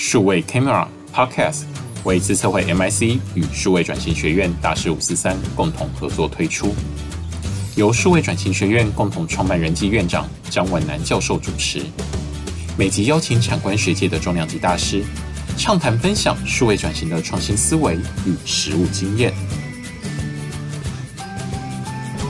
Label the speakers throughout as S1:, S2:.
S1: 數位 Camera Podcast 為資策會 MIC 與數位轉型學院大師五四三共同合作推出，由數位轉型學院共同創辦人暨院長詹文男教授主持，每集邀請產官學界的重量級大師，暢談分享數位轉型的創新思維與實務經驗。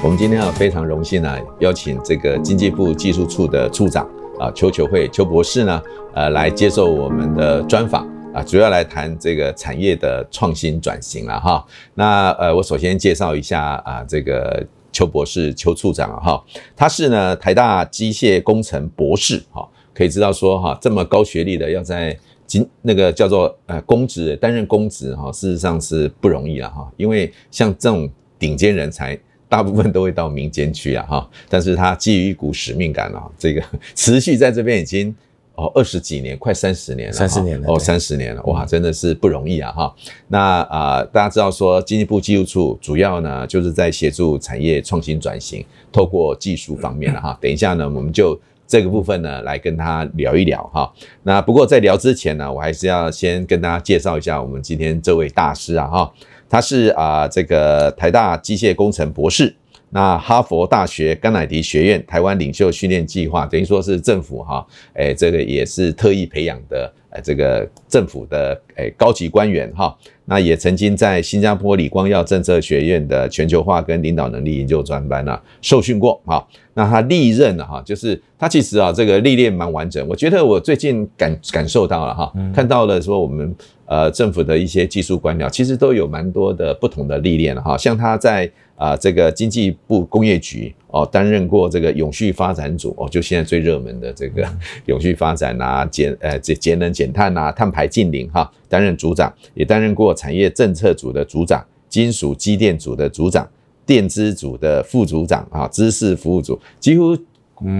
S1: 我們今天啊非常榮幸來、啊、邀請這個經濟部技術處的處長啊邱求慧邱博士呢，呃，來接受我們的專訪啊，主要來談這個產業的創新轉型了哈。那呃，我首先介紹一下啊，這個邱博士、邱處長哈，他是呢台大機械工程博士哈，可以知道說哈，這麼高學歷的要在經那個叫做呃公職擔任公職哈，事實上是不容易了哈，因為像這種頂尖人才大部分都會到民間去啊哈，但是他基於一股使命感啊，這個持續在這邊已經。哦，二十幾年，快三十年了。三十年了，哦，三十年了，哇，真的是不容易啊，哈。那、呃、啊，大家知道說，經濟部技術處主要呢，就是在協助產業創新轉型，透過技術方面了。哈。等一下呢，我們就這個部分呢，來跟他聊一聊哈。那不過在聊之前呢，我還是要先跟大家介紹一下我們今天這位大師啊，哈，他是啊、呃，這個台大機械工程博士。那哈佛大學甘乃迪學院台灣領袖訓練計劃，等於說是政府哈、啊，哎，這個也是特意培養的，呃，這個政府的、哎、高級官員哈、啊，那也曾經在新加坡李光耀政策學院的全球化跟領導能力研究專班呢、啊、受訓過哈、啊。那他歷任的哈，就是他其實啊，這個歷練蠻完整。我覺得我最近感感受到了哈、啊，看到了說我們呃政府的一些技術官僚，其實都有蠻多的不同的歷練哈，像他在。啊，這個經濟部工業局哦，擔任過這個永續發展組哦，就現在最熱門的這個永續發展啊，減呃減節,節能減碳吶、啊，碳排淨零哈、啊，擔任組長，也擔任過產業政策組的組長，金屬機電組的組長，電資組的副組長啊，知識服務組，幾乎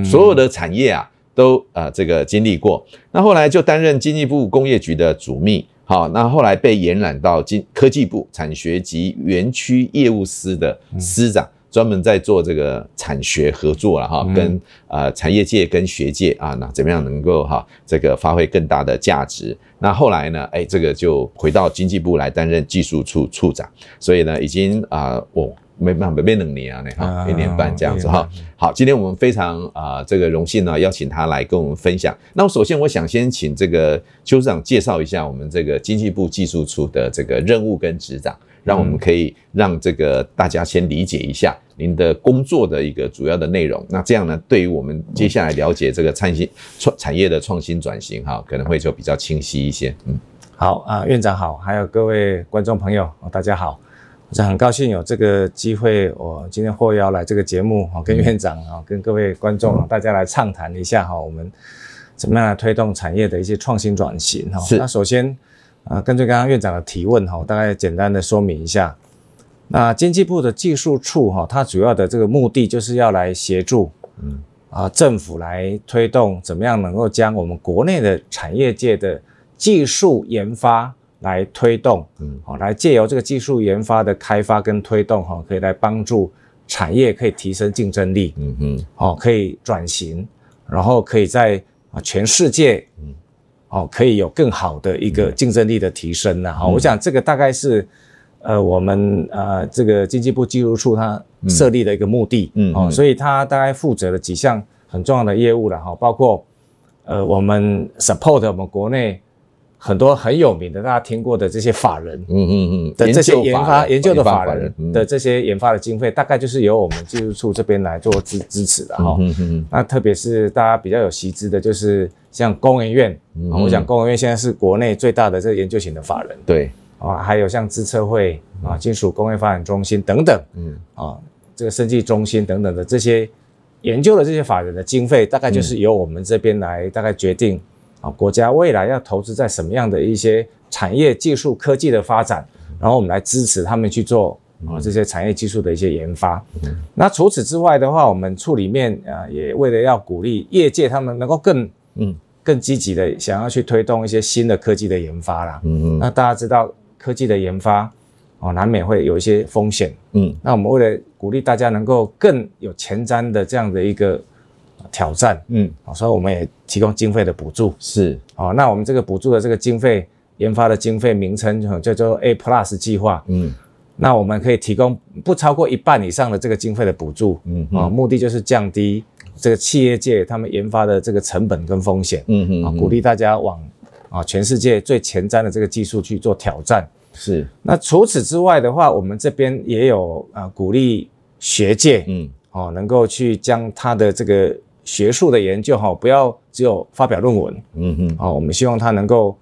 S1: 所有的產業啊，都啊、呃、這個經歷過。那後來就擔任經濟部工業局的主秘。好，那後來被延攬到經科技部產學及園區業務司的司長，嗯、專門在做這個產學合作了哈、嗯，跟呃產業界跟學界啊，那怎麼樣能夠哈、啊、這個發揮更大的價值？那後來呢，誒、哎、這個就回到經濟部來擔任技術處處長，所以呢，已經啊我。呃哦沒辦法，沒沒兩年啊，那一年半這樣子哈、嗯嗯。好，今天我們非常啊、呃、這個榮幸呢，邀請他來跟我們分享。那我首先我想先請這個邱處長介紹一下我們這個經濟部技術處的這個任務跟職掌，讓我們可以讓這個大家先理解一下您的工作的一個主要的內容。那這樣呢，對於我們接下來了解這個創新創產業的創新轉型哈，可能會就比較清晰一些。嗯，
S2: 好啊、呃，院長好，還有各位觀眾朋友、哦，大家好。我是很高興有這個機會，我今天獲邀來這個節目哈，跟院長啊、嗯，跟各位觀眾、嗯、大家來暢談一下哈，我們怎麼樣來推動產業的一些創新轉型哈？是。那首先啊，根據剛剛院長的提問哈，大概簡單的說明一下。那經濟部的技術處哈，它主要的這個目的就是要來協助啊政府來推動怎麼樣能夠將我們國內的產業界的技術研發。來推動，嗯，好，來借由這個技術研發的開發跟推動，哈，可以來幫助產業可以提升競爭力，嗯嗯，好，可以轉型，然後可以在全世界，嗯，哦，可以有更好的一個競爭力的提升吶，哈，我想這個大概是，呃，我們呃這個經濟部技術處它設立的一個目的，嗯，哦，所以它大概負責了幾項很重要的業務了，哈，包括，呃，我們 support 我們國內。很多很有名的，大家聽過的這些法人，嗯嗯嗯，的這些研發研究的法人，的這些研發的經費，大概就是由我們技術處這邊來做支支持的哈。嗯嗯，那特別是大家比較有席資的，就是像工研院，我想工研院現在是國內最大的這個研究型的法人，對。啊，還有像資策會啊，金屬工業發展中心等等，嗯，啊，這個設計中心等等的這些研究的這些法人的經費，大概就是由我們這邊來大概決定。啊，國家未來要投資在什麼樣的一些產業、技術、科技的發展，然後我們來支持他們去做啊這些產業技術的一些研發。嗯。那除此之外的話，我們處裡面啊也為了要鼓勵業界他們能夠更嗯更積極的想要去推動一些新的科技的研發啦。嗯嗯。那大家知道科技的研發啊，難免會有一些風險。嗯。那我們為了鼓勵大家能夠更有前瞻的這樣的一個。挑戰，嗯、哦，所以我們也提供經費的補助，是，哦，那我們這個補助的這個經費，研發的經費名稱、嗯、就叫做 A Plus 計劃，嗯，那我們可以提供不超過一半以上的這個經費的補助，嗯，啊、哦，目的就是降低這個企業界他們研發的這個成本跟風險，嗯哼嗯哼、哦，啊，鼓勵大家往啊全世界最前瞻的這個技術去做挑戰，是，那除此之外的話，我們這邊也有啊鼓勵學界，嗯，啊、哦，能夠去將他的這個。學術的研究哈，不要只有發表論文，嗯哼，哦，我們希望他能夠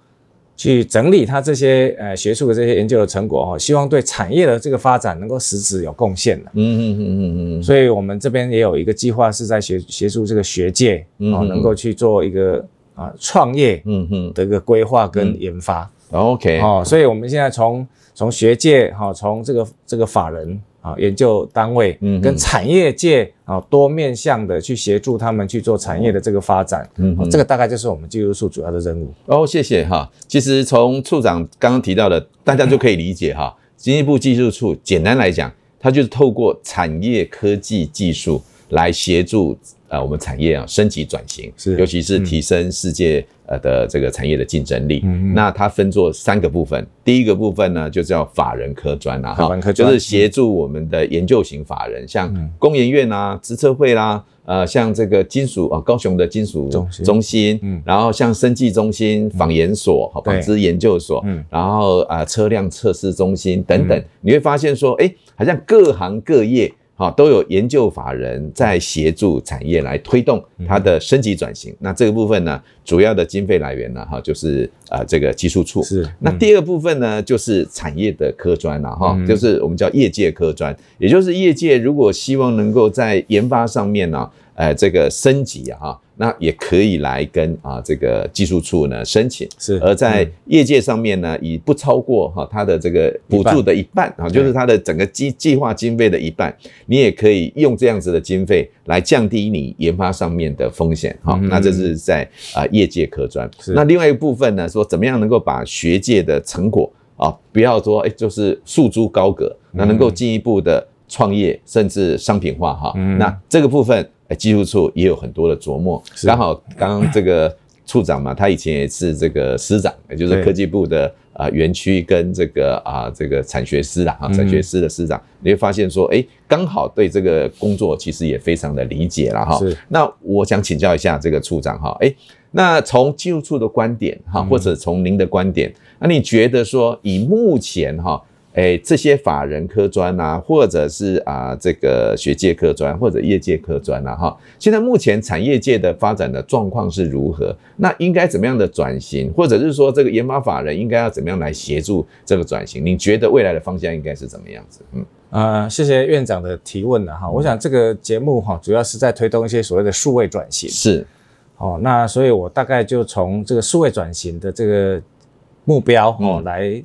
S2: 去整理他這些呃學術的這些研究的成果哦，希望對產業的這個發展能夠實質有貢獻的，嗯哼哼哼哼，所以我們這邊也有一個計劃，是在學學術這個學界哦，嗯，能夠去做一個啊創業，嗯哼的一個規劃跟研發，OK，哦，所以我們現在從從學界哈，從這個這個法人。啊，研究單位跟產業界啊，多面向的去協助他們去做產業的這個發展，嗯，這個大概就是我們技術處主要的任務。
S1: 哦，謝謝哈。其實從處長剛剛提到的，大家就可以理解哈，經濟部技術處簡單來講，它就是透過產業科技技術來協助啊，我們產業啊升級轉型，是，尤其是提升世界，呃的這個產業的競爭力，嗯，嗯、那它分做三個部分。第一個部分呢，就叫法人科專啊，法人科專，就是協助我們的研究型法人，像工研院啊、資策會啦、啊，呃，像這個金屬啊，高雄的金屬中心，然後像生技中心、紡研所、紡織研究所，然後啊，車輛測試中心等等。你會發現說，哎，好像各行各業。好，都有研究法人在協助產業來推動它的升級轉型，嗯。那這個部分呢，主要的經費來源呢，哈，就是啊，這個技術處。是，嗯，那第二部分呢，就是產業的科專啊，哈，就是我們叫業界科專，嗯，也就是業界如果希望能夠在研發上面呢，啊，呃，這個升級哈，啊。那也可以來跟啊這個技術處呢申請，是而在業界上面呢，以不超過哈它的這個補助的一半啊，就是它的整個計計劃經費的一半，你也可以用這樣子的經費來降低你研發上面的風險哈。那這是在啊業界科專。那另外一部分呢，說怎麼樣能夠把學界的成果啊，不要說誒就是束之高閣，那能夠進一步的創業甚至商品化哈。那這個部分。技術處也有很多的琢磨，剛好剛剛這個處長嘛，他以前也是這個司長，也就是科技部的啊、呃，園區跟這個啊、呃，這個產學司啦啊，產學司的司長、嗯，你會發現說，哎，剛好對這個工作其實也非常的理解了哈。那我想請教一下這個處長哈，哎，那從技術處的觀點哈，或者從您的觀點，那你覺得說以目前哈，哎，這些法人科專啊，或者是啊，這個學界科專或者業界科專啊，哈，現在目前產業界的發展的狀況是如何？那應該怎麼樣的轉型？
S2: 或者是說，這個研發法人應該要怎麼樣來協助這個轉型？你覺得未來的方向應該是怎麼樣子？嗯，呃，謝謝院長的提問啊，哈，我想這個節目哈，主要是在推動一些所謂的數位轉型，是，哦，那所以我大概就從這個數位轉型的這個目標哦、嗯、來。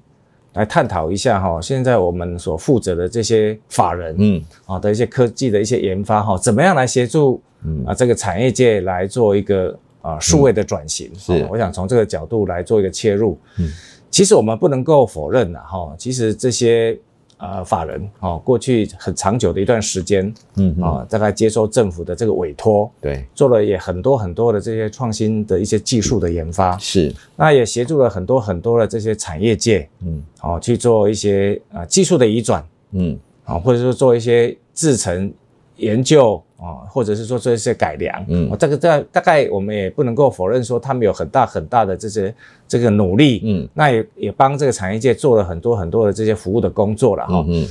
S2: 來探討一下哈，現在我們所負責的這些法人，嗯啊的一些科技的一些研發哈，怎麼樣來協助嗯啊這個產業界來做一個啊數位的轉型？是，我想從這個角度來做一個切入。嗯，其實我們不能夠否認了哈，其實這些。呃，法人哦，過去很長久的一段時間，嗯啊，哦，大概接受政府的這個委托，對，做了也很多很多的這些創新的一些技術的研發，是，那也協助了很多很多的這些產業界，
S3: 嗯，
S2: 哦，去做一些啊、呃、技術的移轉，嗯，啊、哦，或者說做一些製程。研究啊，或者是說做一些改良，嗯，這個大概我們也不能夠否認說他們有很大很大的這些這個努力，嗯，那也也幫這個產業界做了很多很多的這些服務的工作了哈，嗯，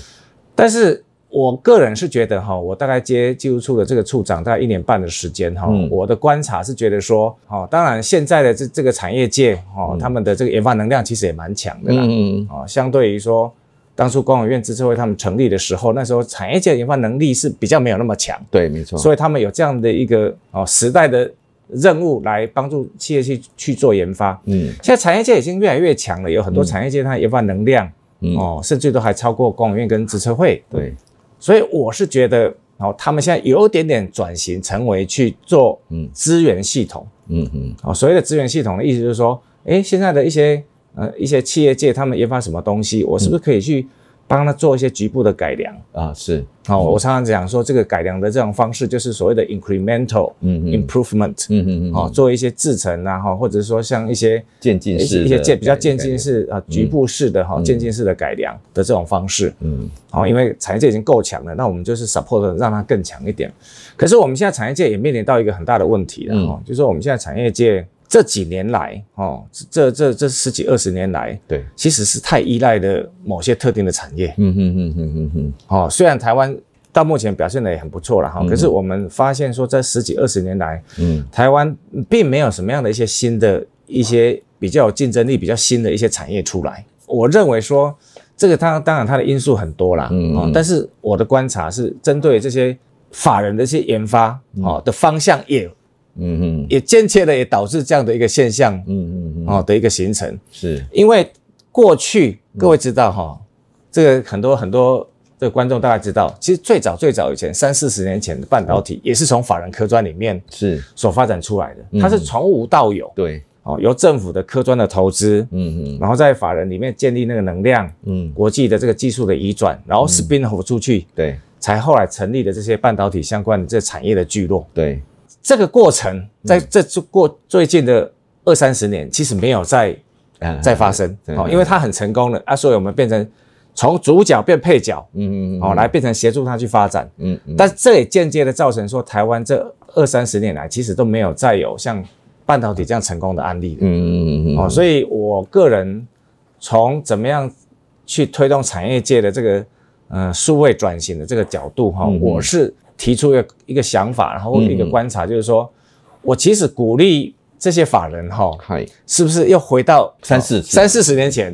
S2: 但是我個人是覺得哈，我大概接技術處的這個處長大概一年半的時間哈，嗯，我的觀察是覺得說，哈，當然現在的這這個產業界哈，他們的這個研發能量其實也蠻強的啦，嗯嗯，啊，相對於說。當初工研院資策會他們成立的時候，那時候產業界研發能力是比較沒有那麼強，對，沒錯。所以他們有這樣的一個哦時代的任務來幫助企業去去做研發。嗯，現在產業界已經越來越強了，有很多產業界它研發能量、嗯，哦，甚至都還超過工研院跟資策會對。對，所以我是覺得哦，他們現在有點點轉型，成為去做嗯資源系統嗯。嗯哼，哦，所謂的資源系統的意思就是說，哎、欸，現在的一些。呃，一些企業界他們研發什麼東西，我是不是可以去幫他做一些局部的改良、嗯哦、啊？是，好、哦，我常常講說，這個改良的這種方式就是所謂的 incremental improvement，嗯嗯嗯，嗯，嗯，哦，做一些製程啊，哈，或者說像一些漸進式、一些界比較漸進式啊、局部式的哈、漸、嗯、進式的改良的這種方式，嗯，好、嗯哦，因為產業界已經夠強了，那我們就是 support 了讓它更強一點。可是我們現在產業界也面臨到一個很大的問題了，哈、嗯，就是說我們現在產業界。這幾年來，哦，這這這十幾二十年來，對，其實是太依賴的某些特定的產業。嗯嗯嗯嗯嗯嗯。哦，雖然台灣到目前表現得也很不錯了哈、嗯，可是我們發現說，在十幾二十年來，嗯，台灣並沒有什麼樣的一些新的、嗯、一些比較有競爭力、比較新的一些產業出來。我認為說，這個它當然它的因素很多啦。嗯，嗯。哦，但是我的觀察是針對這些法人的一些研發啊、嗯哦、的方向也。嗯嗯，也間接的也導致這樣的一個現象，嗯嗯嗯，哦的一個形成，是，因為過去各位知道哈、嗯哦，這個很多很多這個觀眾大概知道，其實最早最早以前三四十年前的半導體也是從法人科專裡面是所發展出來的，是它是從無到有，嗯哦、對，哦由政府的科專的投資，嗯嗯，然後在法人裡面建立那個能量，嗯，國際的這個技術的移轉，然後 spin off 出去、嗯，對，才後來成立的這些半導體相關的這個產業的聚落，對。這個過程在這次過最近的二三十年，其實沒有再、嗯、再發生哦，因為它很成功了啊，所以我們變成從主角變配角，哦、嗯嗯，來變成協助它去發展，嗯，嗯，但這也間接的造成說，台灣這二三十年來，其實都沒有再有像半導體這樣成功的案例的，嗯嗯嗯，哦、嗯，所以我個人從怎麼樣去推動產業界的這個嗯、呃、數位轉型的這個角度哈、嗯嗯，我是。提出一個一個想法，然後一個觀察、嗯，就是說，我其實鼓勵這些法人哈、嗯，是不是要回到三，三四三四十年前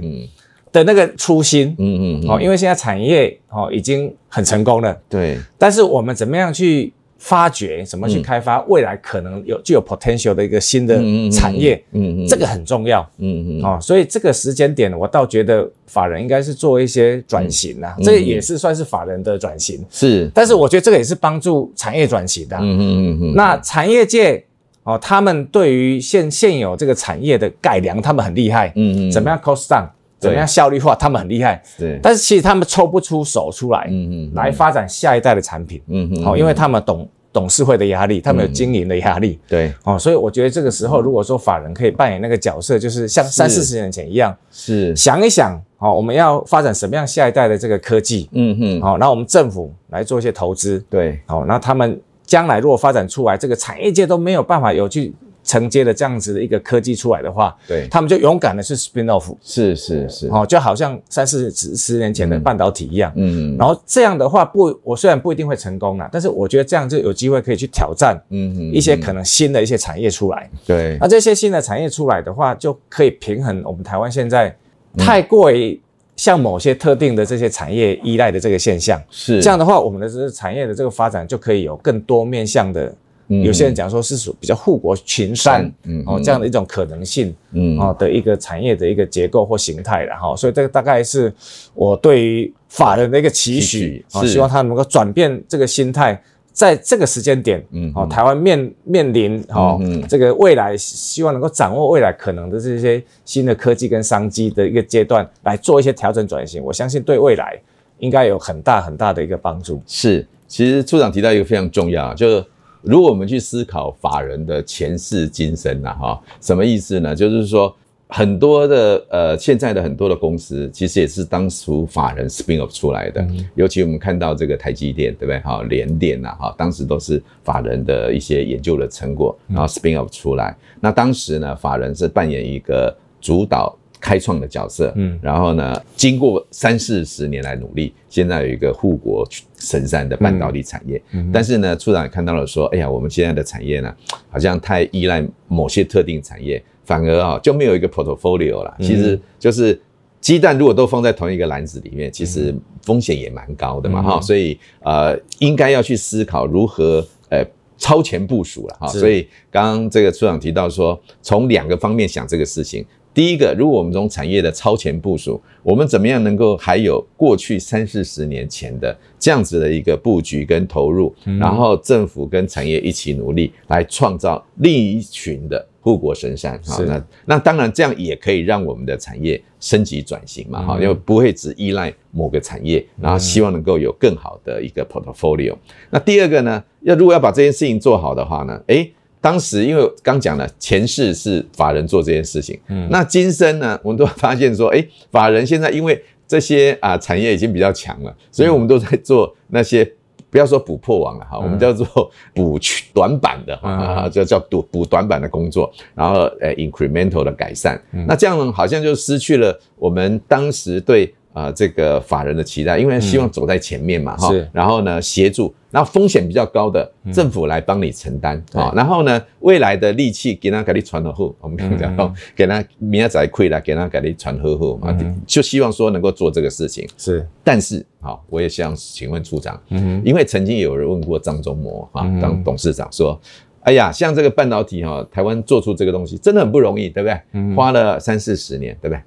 S2: 的那個初心？嗯嗯，哦、嗯嗯，因為現在產業哦已經很成功了，對、嗯嗯嗯，但是我們怎麼樣去？發掘，怎麼去開發未來可能有具有 potential 的一個新的產業，嗯嗯，這個很重要，嗯嗯、哦，所以這個時間點，我倒覺得法人應該是做一些轉型啦、啊嗯，這個、也是算是法人的轉型，是、嗯。但是我覺得這個也是幫助產業轉型的、啊，嗯嗯嗯嗯。那產業界哦，他們對於現現有這個產業的改良，他們很厲害，嗯嗯，怎麼樣 cost down？怎麼樣效率化？他們很厲害，對。但是其實他們抽不出手出來，嗯嗯，來發展下一代的產品，嗯哼。好、嗯，因為他們懂董事會的壓力，他們有經營的壓力，嗯、對。哦，所以我覺得這個時候，如果說法人可以扮演那個角色，就是像三四十年前一樣，是想一想，哦，我們要發展什麼樣下一代的這個科技，嗯哼。好，那我們政府來做一些投資，對。好，那他們將來如果發展出來，這個產業界都沒有辦法有去。承接了這樣子的一個科技出來的話，對，他們就勇敢的去 spin off，是是是，嗯，哦，就好像三四十十年前的半導體一樣，嗯，嗯，然後這樣的話不，我雖然不一定會成功啦，但是我覺得這樣就有機會可以去挑戰，嗯，一些可能新的一些產業出來，對，嗯嗯，那這些新的產業出來的話，就可以平衡我們台灣現在太過於像某些特定的這些產業依賴的這個現象，是這樣的話，我們的這個產業的這個發展就可以有更多面向的。有些人講說，是屬比較護國群山，哦，這樣的一種可能性，哦，的一個產業的一個結構或形態，然後、哦，所以這個大概是我對於法人的一個期許，啊、哦，希望他能夠轉變這個心態，在這個時間點，哦，台灣面面臨，哦，這個未來希望能夠掌握未來可能的這些新的科技跟商機的一個階段，來做一些調整轉型，我相信對未來應該有很大很大的一個幫助。
S1: 是，其實處長提到一個非常重要，就是如果我們去思考法人的前世今生吶，哈，什麼意思呢？就是說，很多的呃，現在的很多的公司，其實也是當初法人 spin off 出來的。嗯、尤其我們看到這個台積電，對不對？哈、哦，聯電吶，哈，當時都是法人的一些研究的成果，然後 spin off 出來。嗯、那當時呢，法人是扮演一個主導。開創的角色，嗯，然後呢，經過三四十年來努力，現在有一個護國神山的半導體產業，嗯，嗯，但是呢，處長也看到了說，哎呀，我們現在的產業呢，好像太依賴某些特定產業，反而啊、哦、就沒有一個 portfolio 了。其實就是雞蛋如果都放在同一個籃子裡面，其實風險也蠻高的嘛，哈、嗯哦，所以呃，應該要去思考如何呃超前部署了，哈、哦，所以剛剛這個處長提到說，從兩個方面想這個事情。第一個，如果我們從產業的超前部署，我們怎麼樣能夠還有過去三四十年前的這樣子的一個布局跟投入，然後政府跟產業一起努力來創造另一群的護國神山，哦、那那當然這樣也可以讓我們的產業升級轉型嘛，哈、嗯，因為不會只依賴某個產業，然後希望能夠有更好的一個 portfolio。嗯、那第二個呢，要如果要把這件事情做好的話呢，欸當時因為剛講了前世是法人做這件事情，嗯，那今生呢，我們都發現說，哎、欸，法人現在因為這些啊、呃、產業已經比較強了，所以我們都在做那些、嗯、不要說補破網了哈，我們叫做補短板的啊，嗯、就叫叫補補短板的工作，然後 incremental 的改善，嗯，那這樣好像就失去了我們當時對。呃，這個法人的期待，因為希望走在前面嘛，哈、嗯。然後呢，協助，然後風險比較高的、嗯、政府來幫你承擔啊。然後呢，未來的利器給他給你傳後我們跟你講哦，給、嗯、他明天再虧了給他給你傳後戶嘛，就希望說能夠做這個事情。是，但是好、哦，我也想請問處長，嗯，因為曾經有人問過張忠謀啊當董事長說、嗯，哎呀，像這個半導體哈、哦，台灣做出這個東西真的很不容易，對不對、嗯？花了三四十年，對不對？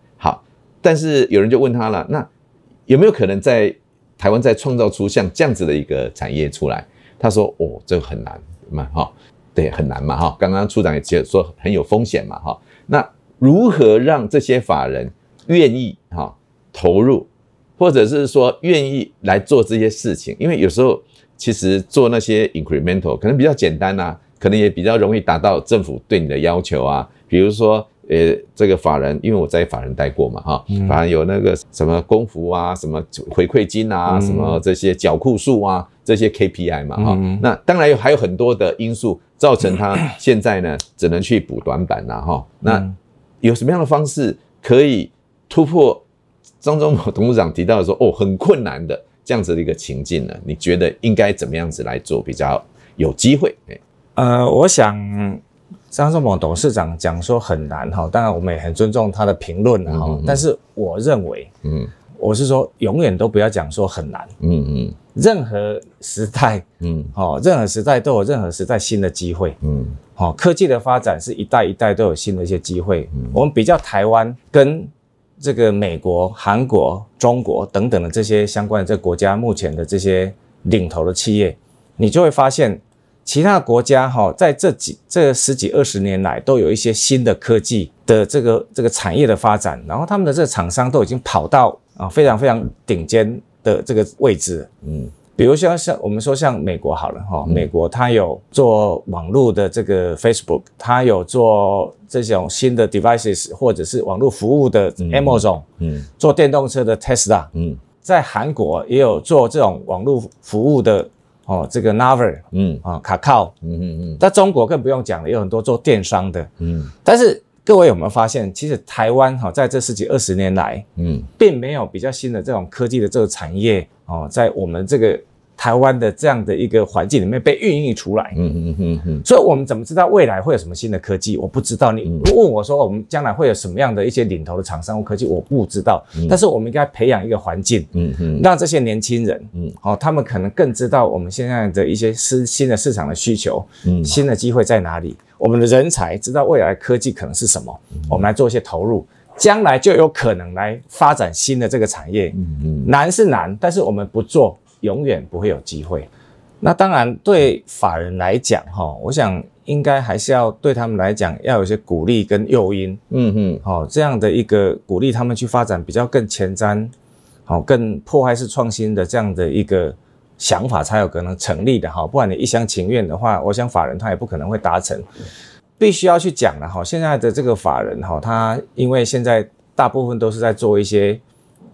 S1: 但是有人就問他了，那有沒有可能在台灣再創造出像這樣子的一個產業出來？他說：哦，這個很難嘛哈，對，很難嘛哈。剛剛處長也說很有風險嘛哈。那如何讓這些法人願意哈投入，或者是說願意來做這些事情？因為有時候其實做那些 incremental 可能比較簡單吶、啊，可能也比較容易達到政府對你的要求啊。比如說。呃，這個法人，因為我在法人待過嘛，哈、嗯，法人有那個什麼工服啊，什麼回饋金啊，嗯、什麼這些繳庫數啊，這些 KPI 嘛，哈、嗯，那當然還有很多的因素造成他現在呢，嗯、只能去補短板了、啊，哈、嗯。那有什麼樣的方式可以突破？張忠謀董事長提到的說，哦，很困難的這樣子的一個情境呢，你覺得應該怎麼樣子來做比較有機會？
S2: 呃，我想。張忠謀董事長講說很難哈，當然我們也很尊重他的評論哈，但是我認為，
S3: 嗯，
S2: 我是說永遠都不要講說很難，嗯嗯，嗯，任何時代，嗯，哦，任何時代都有任何時代新的機會，嗯，科技的發展是一代一代都有新的一些機會，嗯，我們比較台灣跟這個美國、韓國、中國等等的這些相關的這個國家目前的這些領頭的企業，你就會發現。其他國家哈，在這幾這十幾二十年來，都有一些新的科技的這個這個產業的發展，然後他們的這個廠商都已經跑到啊非常非常頂尖的這個位置，嗯，比如像像我們說像美國好了哈，美國它有做網絡的這個 Facebook，它有做這種新的 devices，或者是網絡服務的 Amazon，嗯，做電動車的 Tesla，嗯，在韓國也有做這種網絡服務的。哦，這個 Naver，嗯啊，Kakao 嗯嗯嗯，在、哦嗯嗯嗯、中國更不用講了，有很多做電商的，嗯，但是各位有沒有發現，其實台灣哈、哦、在這十幾二十年來，嗯，並沒有比較新的這種科技的這個產業哦，在我們這個。台灣的這樣的一個環境裡面被孕育出來，嗯嗯嗯嗯，所以我們怎麼知道未來會有什麼新的科技？我不知道。你問我說，我們將來會有什麼樣的一些領頭的廠商或科技？我不知道。但是我們應該培養一個環境，嗯嗯，讓這些年輕人，嗯，好，他們可能更知道我們現在的一些市新的市場的需求，嗯，新的機會在哪裡？我們的人才知道未來科技可能是什麼。我們來做一些投入，將來就有可能來發展新的這個產業。嗯嗯，難是難，但是我們不做，永遠不會有機會。那當然，對法人來講，哈，我想應該還是要對他們來講，要有些鼓勵跟誘因，嗯哼，好，這樣的一個鼓勵他們去發展比較更前瞻，好，更破壞式創新的這樣的一個想法才有可能成立的，哈，不然你一廂情願的話，我想法人他也不可能會達成，必須要去講了，哈，現在的這個法人，哈，他因為現在大部分都是在做一些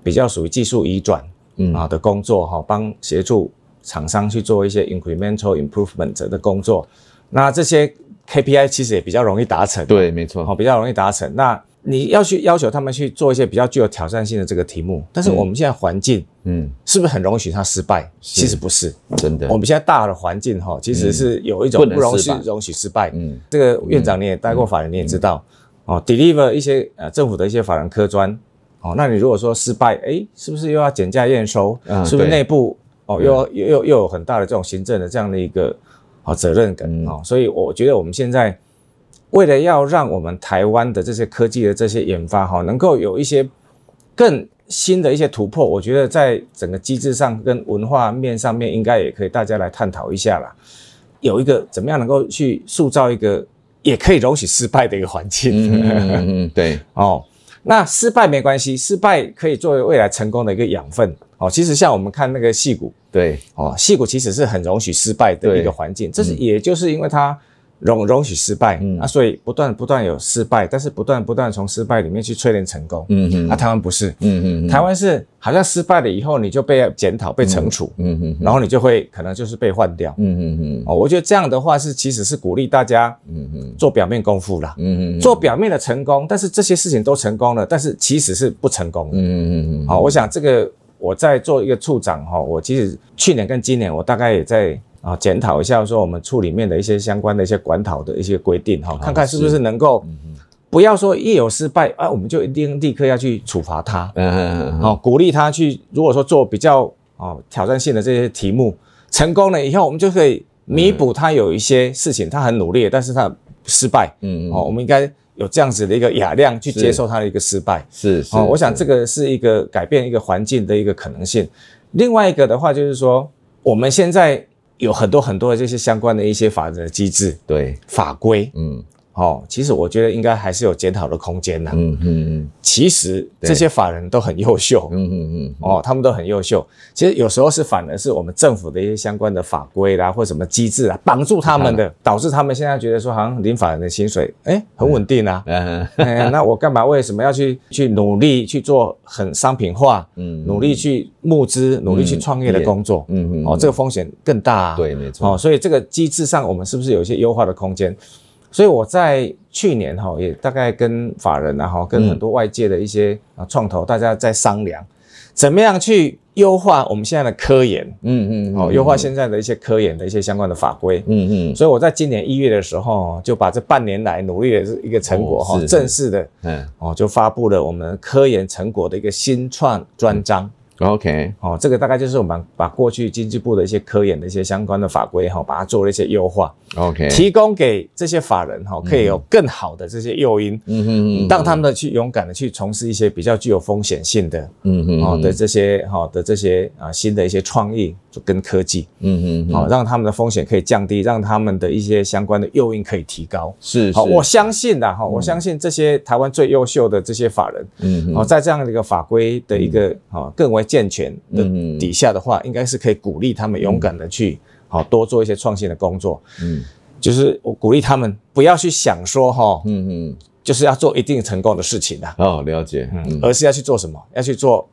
S2: 比較屬於技術移轉。嗯啊的工作哈，幫協助廠商去做一些 incremental improvement 的工作。那這些 KPI 其實也比較容易達成，對，沒錯，好，比較容易達成。那你要去要求他們去做一些比較具有挑戰性的這個題目，嗯、但是我們現在環境，嗯，是不是很容許他失敗？其實不是，真的。我們現在大的環境哈，其實是有一種不容許容許失敗。嗯，這個院長你也帶過法人，你也知道，嗯嗯、哦，deliver 一些呃政府的一些法人科專。那你如果說失敗，哎、欸，是不是又要減價驗收，嗯？是不是內部哦，又又又有很大的這種行政的這樣的一個啊責任感，嗯哦，所以我覺得我們現在為了要讓我們台灣的這些科技的這些研發哈，哦，能夠有一些更新的一些突破，我覺得在整個機制上跟文化面上面，應該也可以大家來探討一下啦。有一個怎麼樣能夠去塑造一個也可以容許失敗的一個環境，嗯嗯嗯。對，哦。那失敗沒關係，失敗可以作為未來成功的一個養分。哦，其實像我們看那個矽谷，對，哦，矽谷其實是很容許失敗的一個環境，這是、嗯、也就是因為它。容容許失敗、嗯、啊，所以不斷不斷有失敗，但是不斷不斷從失敗裡面去淬煉成功。嗯嗯，啊，台灣不是，嗯嗯，台灣是好像失敗了以後你就被檢討、嗯、被懲處，嗯嗯，然後你就會可能就是被換掉，嗯嗯嗯。哦，我覺得這樣的話是其實是鼓勵大家，嗯嗯，做表面功夫啦，嗯嗯，做表面的成功，但是這些事情都成功了，但是其實是不成功的，嗯嗯嗯嗯。好、哦，我想這個我在做一個處長哈、哦，我其實去年跟今年我大概也在。啊，檢討一下，說我們處裡面的一些相關的一些管考的一些規定哈，看看是不是能夠不要說一有失敗啊，我們就一定立刻要去處罰他。嗯嗯嗯。哦，嗯、鼓勵他去，如果說做比較哦，挑戰性的這些題目，成功了以後，我們就可以彌補他有一些事情、嗯，他很努力，但是他失敗。嗯嗯、哦。我們應該有這樣子的一個雅量去接受他的一個失敗。是。哦、是，是、哦、是，是我想這個是一個改變一個環境的一個可能性。另外一個的話就是說，我們現在。有很多很多的這些相關的一些法的機制，對法規，嗯。哦，其實我覺得應該還是有檢討的空間的。嗯嗯嗯，其實這些法人都很優秀。嗯嗯嗯，哦，他們都很優秀。其實有時候是反而是我們政府的一些相關的法規啦、啊，或者什麼機制啊，綁住他們的，導致他們現在覺得說，好像領法人的薪水、哎，誒很穩定啊。嗯嗯，那我幹嘛？為什麼要去去努力去做很商品化？嗯，努力去募資，努力去創業的工作。嗯嗯，哦，這個風險更大啊。對，沒錯。所以這個機制上，我們是不是有一些優化的空間？所以我在去年哈也大概跟法人啊、跟很多外界的一些啊創投，大家在商量，怎麼樣去優化我們現在的科研，嗯嗯，哦優化現在的一些科研的一些相關的法規，嗯嗯。所以我在今年一月的時候就把這半年來努力的一個成果哈正式的，嗯，哦就發布了我們科研成果的一個新創專章。OK，哦，這個大概就是我們把過去經濟部的一些科研的一些相關的法規好、哦，把它做了一些優化，OK，提供給這些法人哈、哦嗯，可以有更好的這些誘因，嗯哼嗯嗯，讓他們去勇敢的去從事一些比較具有風險性的，
S3: 嗯哼嗯哼，哦的這
S2: 些哈、哦、的這些啊新的一些創意。跟科技，嗯嗯，好、哦，讓他們的風險可以降低，讓他們的一些相關的誘因可以提高，是，是好，我相信的、啊、哈、嗯，我相信這些台灣最優秀的這些法人，嗯，好、哦，在這樣的一個法規的一個好，更為健全的底下的話，嗯、應該是可以鼓勵他們勇敢的去，好、嗯、多做一些創新的工作，嗯，就是我鼓勵他們不要去想說哈，嗯嗯，就是要做一定成功的事情的、啊，哦，了解，嗯，而是要去做什麼？要去做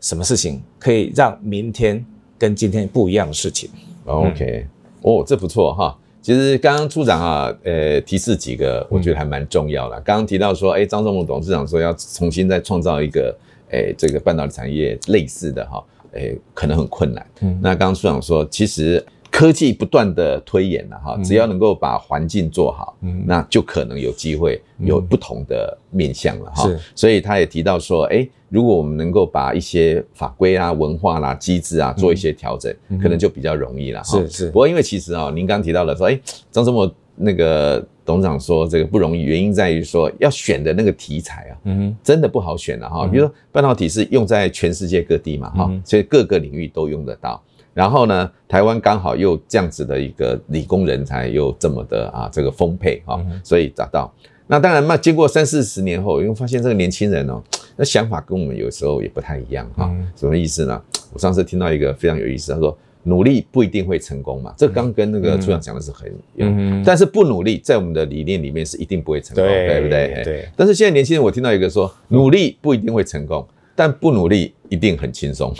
S2: 什麼事情可以讓明天？跟今天不一樣的事情。OK，哦，這不錯哈。其實剛剛處
S1: 長啊，呃，提示幾個，我覺得還蠻重要的。嗯，剛剛提到說，哎、欸，張忠謀董事長說要重新再創造一個，哎、欸，這個半導體產業類似的哈，哎、欸，可能很困難。嗯，那剛剛處長說，其實科技不斷的推演了哈，只要能夠把環境做好、嗯，那就可能有機會有不同的面向了哈、嗯。是，所以他也提到說，哎、欸。如果我們能夠把一些法規啊、文化啦、啊、機制啊做一些調整、嗯嗯，可能就比較容易了。是是。不過，因為其實啊、哦，您剛剛提到了說，誒張忠謀那個董事長說這個不容易，原因在於說要選的那個題材啊，嗯，真的不好選的、啊、哈、嗯。比如說，半導體是用在全世界各地嘛哈、嗯，所以各個領域都用得到。然後呢，台灣剛好又這樣子的一個理工人才又這麼的啊，這個豐沛哈，所以找到。那當然嘛，那經過三四十年後，因為發現這個年輕人哦，那想法跟我們有時候也不太一樣哈。什麼意思呢？我上次聽到一個非常有意思，他說努力不一定會成功嘛，這剛跟那個處長講的是很、嗯
S3: 嗯，但
S1: 是不努力，在我們的理念裡面是一定不會成功，對，對不對？對。但是現在年輕人，我聽到一個說，努力不一定會成功，但不努力一定很輕鬆。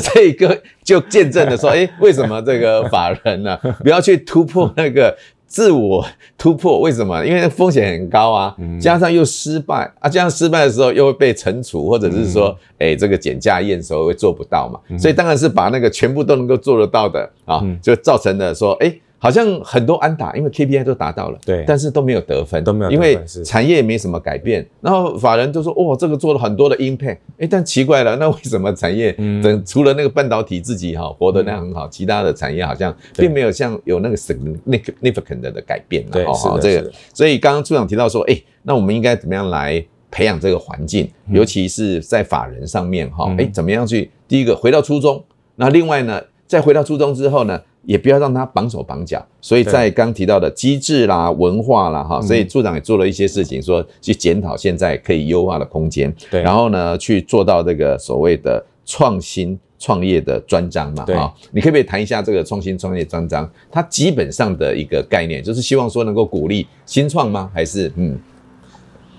S1: 這 個就見證的說，哎、欸，為什麼這個法人呢、啊，不要去突破那個？自我突破為什麼？因為風險很高啊，嗯，加上又失敗啊，加上失敗的時候又會被懲處，或者是說，哎、嗯欸，這個減價驗收會做不到嘛，嗯？所以當然是把那個全部都能夠做得到的啊，就造成了說，哎、欸。好像很多安打，因為 K P I 都達到了，對，但是都沒有得分，都沒有，因為產業沒什麼改變。是是，然後法人就說：“哦，這個做了很多的 impact、欸、但奇怪了，那為什麼產業等除了那個半導體自己哈活得那樣很好、嗯，其他的產業好像並沒有像有那個 significant 的，的改變了這個，所以剛剛處長提到說：“哎、欸，那我們應該怎麼樣來培養這個環境，尤其是在法人上面哈？哎、欸，怎麼樣去？第一個回到初衷，那另外呢，再回到初衷之後呢？”也不要讓他綁手綁腳，所以在剛提到的機制啦、文化啦，哈，所以處長也做了一些事情，說去檢討現在可以優化的空間，對，然後呢，去做到這個所謂的創新創業的專章嘛，哈，你可不可以談一下這個創新創業專章，它基本上的一個概念，就是希望說能夠鼓勵新創嗎？還是嗯，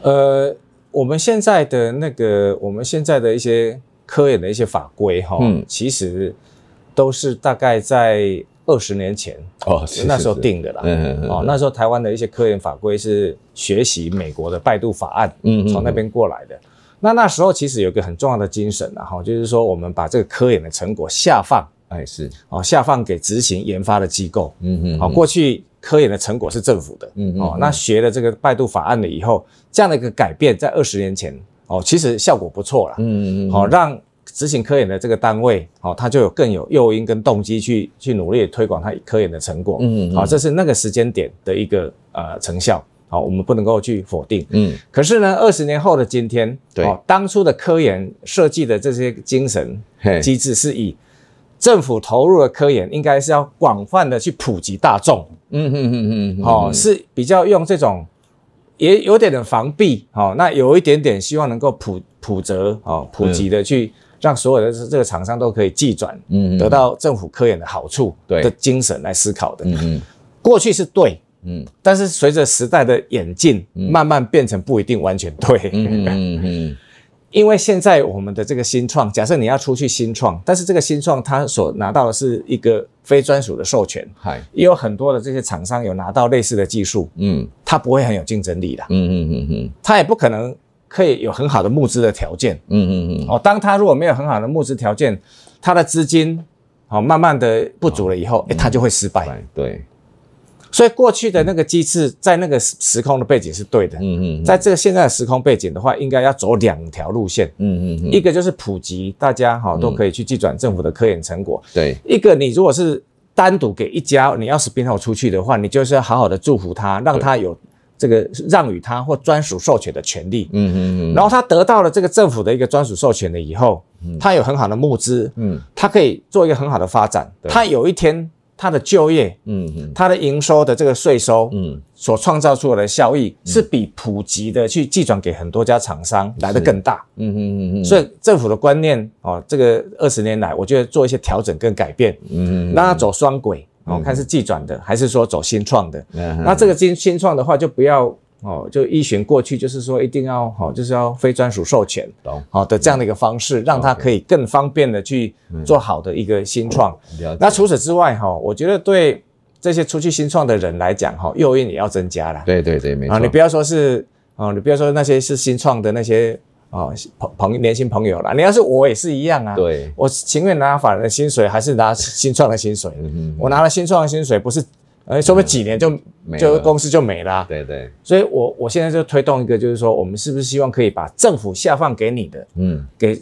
S2: 呃，我們現在的那個，我們現在的一些科研的一些法規，哈，嗯，其實都是大概在。二十年前哦，oh, 那時候定的啦。是是是哦、是是嗯哦嗯哦，那時候台灣的一些科研法規是學習美國的拜杜法案，嗯從那邊過來的、嗯。那那時候其實有一個很重要的精神然、啊、哈，就是說我們把這個科研的成果下放，哎是，哦下放給執行研發的機構，嗯嗯。啊、哦，過去科研的成果是政府的，嗯嗯。哦，那學了這個拜杜法案了以後、嗯，這樣的一個改變在二十年前，哦，其實效果不錯了，
S3: 嗯嗯嗯。好、哦，
S2: 讓。執行科研的這個單位，好、哦，它就有更有誘因跟動機去去努力推廣它科研的成果，嗯,嗯，好、哦，這是那個時間點的一個呃成效，好、哦，我們不能夠去否定，嗯，可是呢，二十年後的今天，對、哦，當初的科研設計的這些精神機制，是以政府投入的科研應該是要廣泛的去普及大眾，嗯嗯嗯嗯，好、哦，是比較用這種也有點的防弊好、哦，那有一點點希望能夠普普澤，哦，普及的去。嗯讓所有的這個廠商都可以技轉，嗯，得到政府科研的好處，對的精神來思考的，嗯，過去是對，嗯，但是隨着時代的演進，慢慢變成不一定完全對，嗯嗯嗯，因為現在我們的這個新創，假設你要出去新創，但是這個新創它所拿到的是一個非專屬的授權，嗨，也有很多的這些廠商有拿到類似的技術，嗯，它不會很有競爭力啦，嗯嗯嗯嗯，它也不可能。可以有很好的募資的條件，嗯嗯嗯。哦，當他如果沒有很好的募資條件，他的資金，慢慢的不足了以後，他就會失敗。對。所以過去的那個機制在那個時空的背景是對的。嗯嗯。在這個現在的時空背景的話，應該要走兩條路線。嗯
S3: 嗯嗯。一個
S2: 就是普及，大家哈都可以去技轉政府的科研成果。對。一個你如果是單獨給一家，你要 spin out 出去的話，你就是要好好的祝福他，讓他有。這個讓與他或專屬授權的權利，嗯嗯嗯，然後他得到了這個政府的一個專屬授權了以後，他有很好的募資，嗯，他可以做一個很好的發展。他有一天他的就業，嗯嗯，他的營收的這個稅收，嗯，所創造出來的效益是比普及的去技轉給很多家廠商來得更大，嗯嗯嗯嗯。所以政府的觀念啊、哦，這個二十年來，我覺得做一些調整跟改變，嗯，讓他走雙軌。哦，看是技轉的，還是說走新創的，嗯？那這個新新創的話，就不要哦，就依循過去，就是說一定要好，哦，就是要非專屬授權，好，哦，的這樣的一個方式，嗯，讓他可以更方便的去做好的一個新創，嗯嗯嗯。那除此之外哈，哦，我覺得對這些出去新創的人來講哈，哦，誘因也要增加了。對對對，沒錯。啊，你不要說是啊，哦，你不要說那些是新創的那些。哦，朋朋年輕朋友啦。你要是我也是一樣啊。對，我情願拿法人的薪水，還是拿新創的薪水？嗯嗯，我拿了新創的薪水，不是，哎、欸，說不定幾年就、嗯、就，沒了就公司就沒啦、啊。對，對對，所以我我現在就推動一個，就是說，我們是不是希望可以把政府下放給你的，嗯，給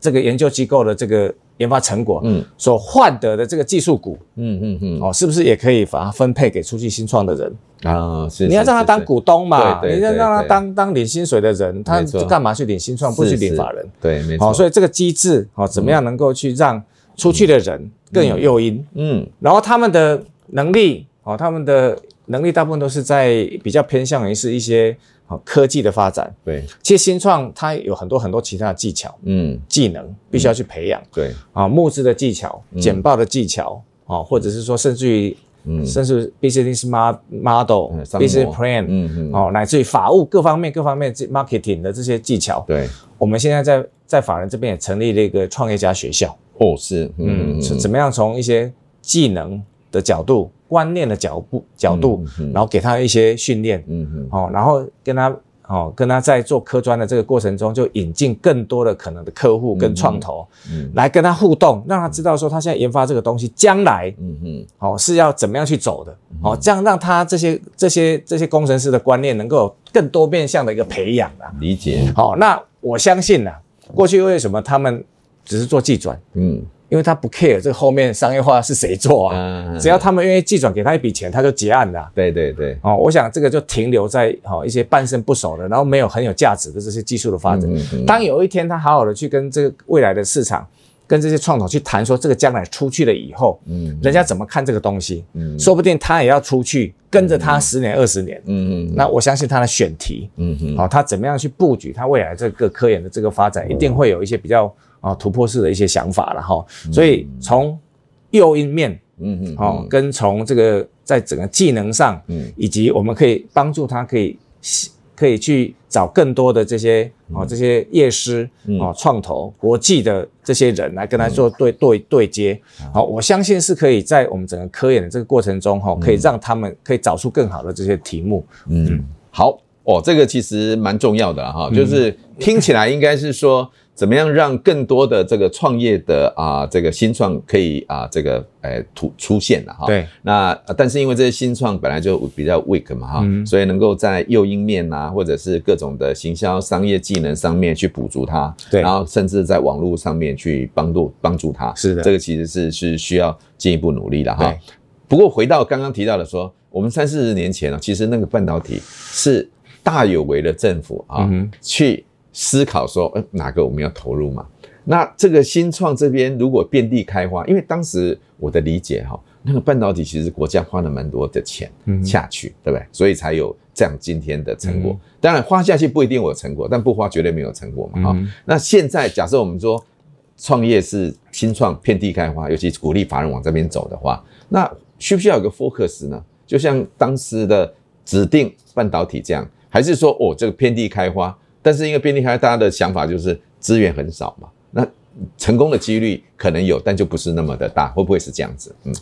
S2: 這個研究機構的這個研發成果，嗯，所換得的這個技術股，嗯嗯嗯，哦，是不是也可以把它分配給出去新創的人？啊、哦，是你要讓他當股東嘛？對對對對對，你要讓他當當領薪水的人，他幹嘛去領新創，不去領法人？
S3: 對，沒錯、哦。所以
S2: 這個機制，好、哦，怎麼樣能夠去讓出去的人更有誘因嗯嗯？嗯，然後他們的能力，哦，他們的能力大部分都是在比較偏向於是一些啊、哦、科技的發展。對，其實新創它有很多很多其他的技巧，嗯，技能必須要去培養、嗯。對啊、哦，募資的技巧、簡報的技巧啊、嗯哦，或者是說甚至於。嗯、甚至是 business model、嗯、business plan，嗯嗯，哦，乃至於法務各方面、各方面 marketing 的這些技巧，對，我們現在在在法人這邊也成立了一個創業家學校，哦，是，嗯，嗯，怎麼樣從一些技能的角度、觀念的角度、嗯、角度，然後給他一些訓練，嗯嗯，哦，然後跟他。哦，跟他在做科專的這個過程中，就引進更多的可能的客戶跟創投，來跟他互動，讓他知道說他現在研發這個東西將來，嗯、哦、嗯，哦是要怎麼樣去走的，哦，這樣讓他這些這些這些工程師的觀念能夠有更多面向的一個培養啊，理解。好、哦，那我相信呢、啊，過去為什麼他們只是做技轉，嗯。因為他不 care 這個後面商業化是誰做啊，嗯、只要他們願意寄轉給他一筆錢，他就結案了。對對對，哦，我想這個就停留在哦一些半生不熟的，然後沒有很有價值的這些技術的發展。嗯嗯嗯、當有一天他好好的去跟這個未來的市場，跟這些創投去談，說這個將來出去了以後，嗯，人家怎麼看這個東西？嗯，說不定他也要出去，嗯、跟着他十年二十年，嗯嗯，那我相信他的選題，嗯嗯、哦，他怎麼樣去布局他未來這個科研的這個發展，嗯、一定會有一些比較啊、哦、突破式的一些想法了哈、哦。所以從誘因面，嗯嗯、哦，跟從這個在整個技能上，嗯、以及我們可以幫助他可以可以去找更多的這些。哦，這些業師哦，創、嗯、投國際的這些人來跟他做對、嗯、對對接，好，我相信是可以在我們整個科研的這個過程中，哈、嗯，可以讓他們可以找出更好的這些題目。嗯，嗯，好，哦，這個其實蠻重要的哈，就是
S1: 聽起來應該是說、嗯。嗯怎麼樣讓更多的這個創業的啊，這個新創可以啊，這個誒突、呃、出現了哈？對。那但是因為這些新創本來就比較 weak 嘛哈、嗯，所以能夠在誘因面吶、啊，或者是各種的行銷、商業技能上面去補足它。對。然後甚至在網絡上面去幫助幫助它。是的。這個其實是是需要進一步努力的哈。對。不過回到剛剛提到的說，我們三四十年前啊，其實那個半導體是大有為的政府啊、嗯、去。思考說，哎、呃，哪個我們要投入嘛？那這個新創這邊如果遍地開花，因為當時我的理解哈，那個半導體其實國家花了蠻多的錢、嗯、下去，對不對？所以才有這樣今天的成果、嗯。當然花下去不一定有成果，但不花絕對沒有成果嘛。哈、嗯，那現在假設我們說創業是新創遍地開花，尤其鼓勵法人往這邊走的話，那需不需要有個 focus 呢？就像當時的指定半導體這樣，還是說，哦，這個遍地開花？但是因為變利，害，大家的想法就是資源很少嘛，那成功的幾率可能有，但就不是那
S2: 麼的大，會不會是這樣子？嗯，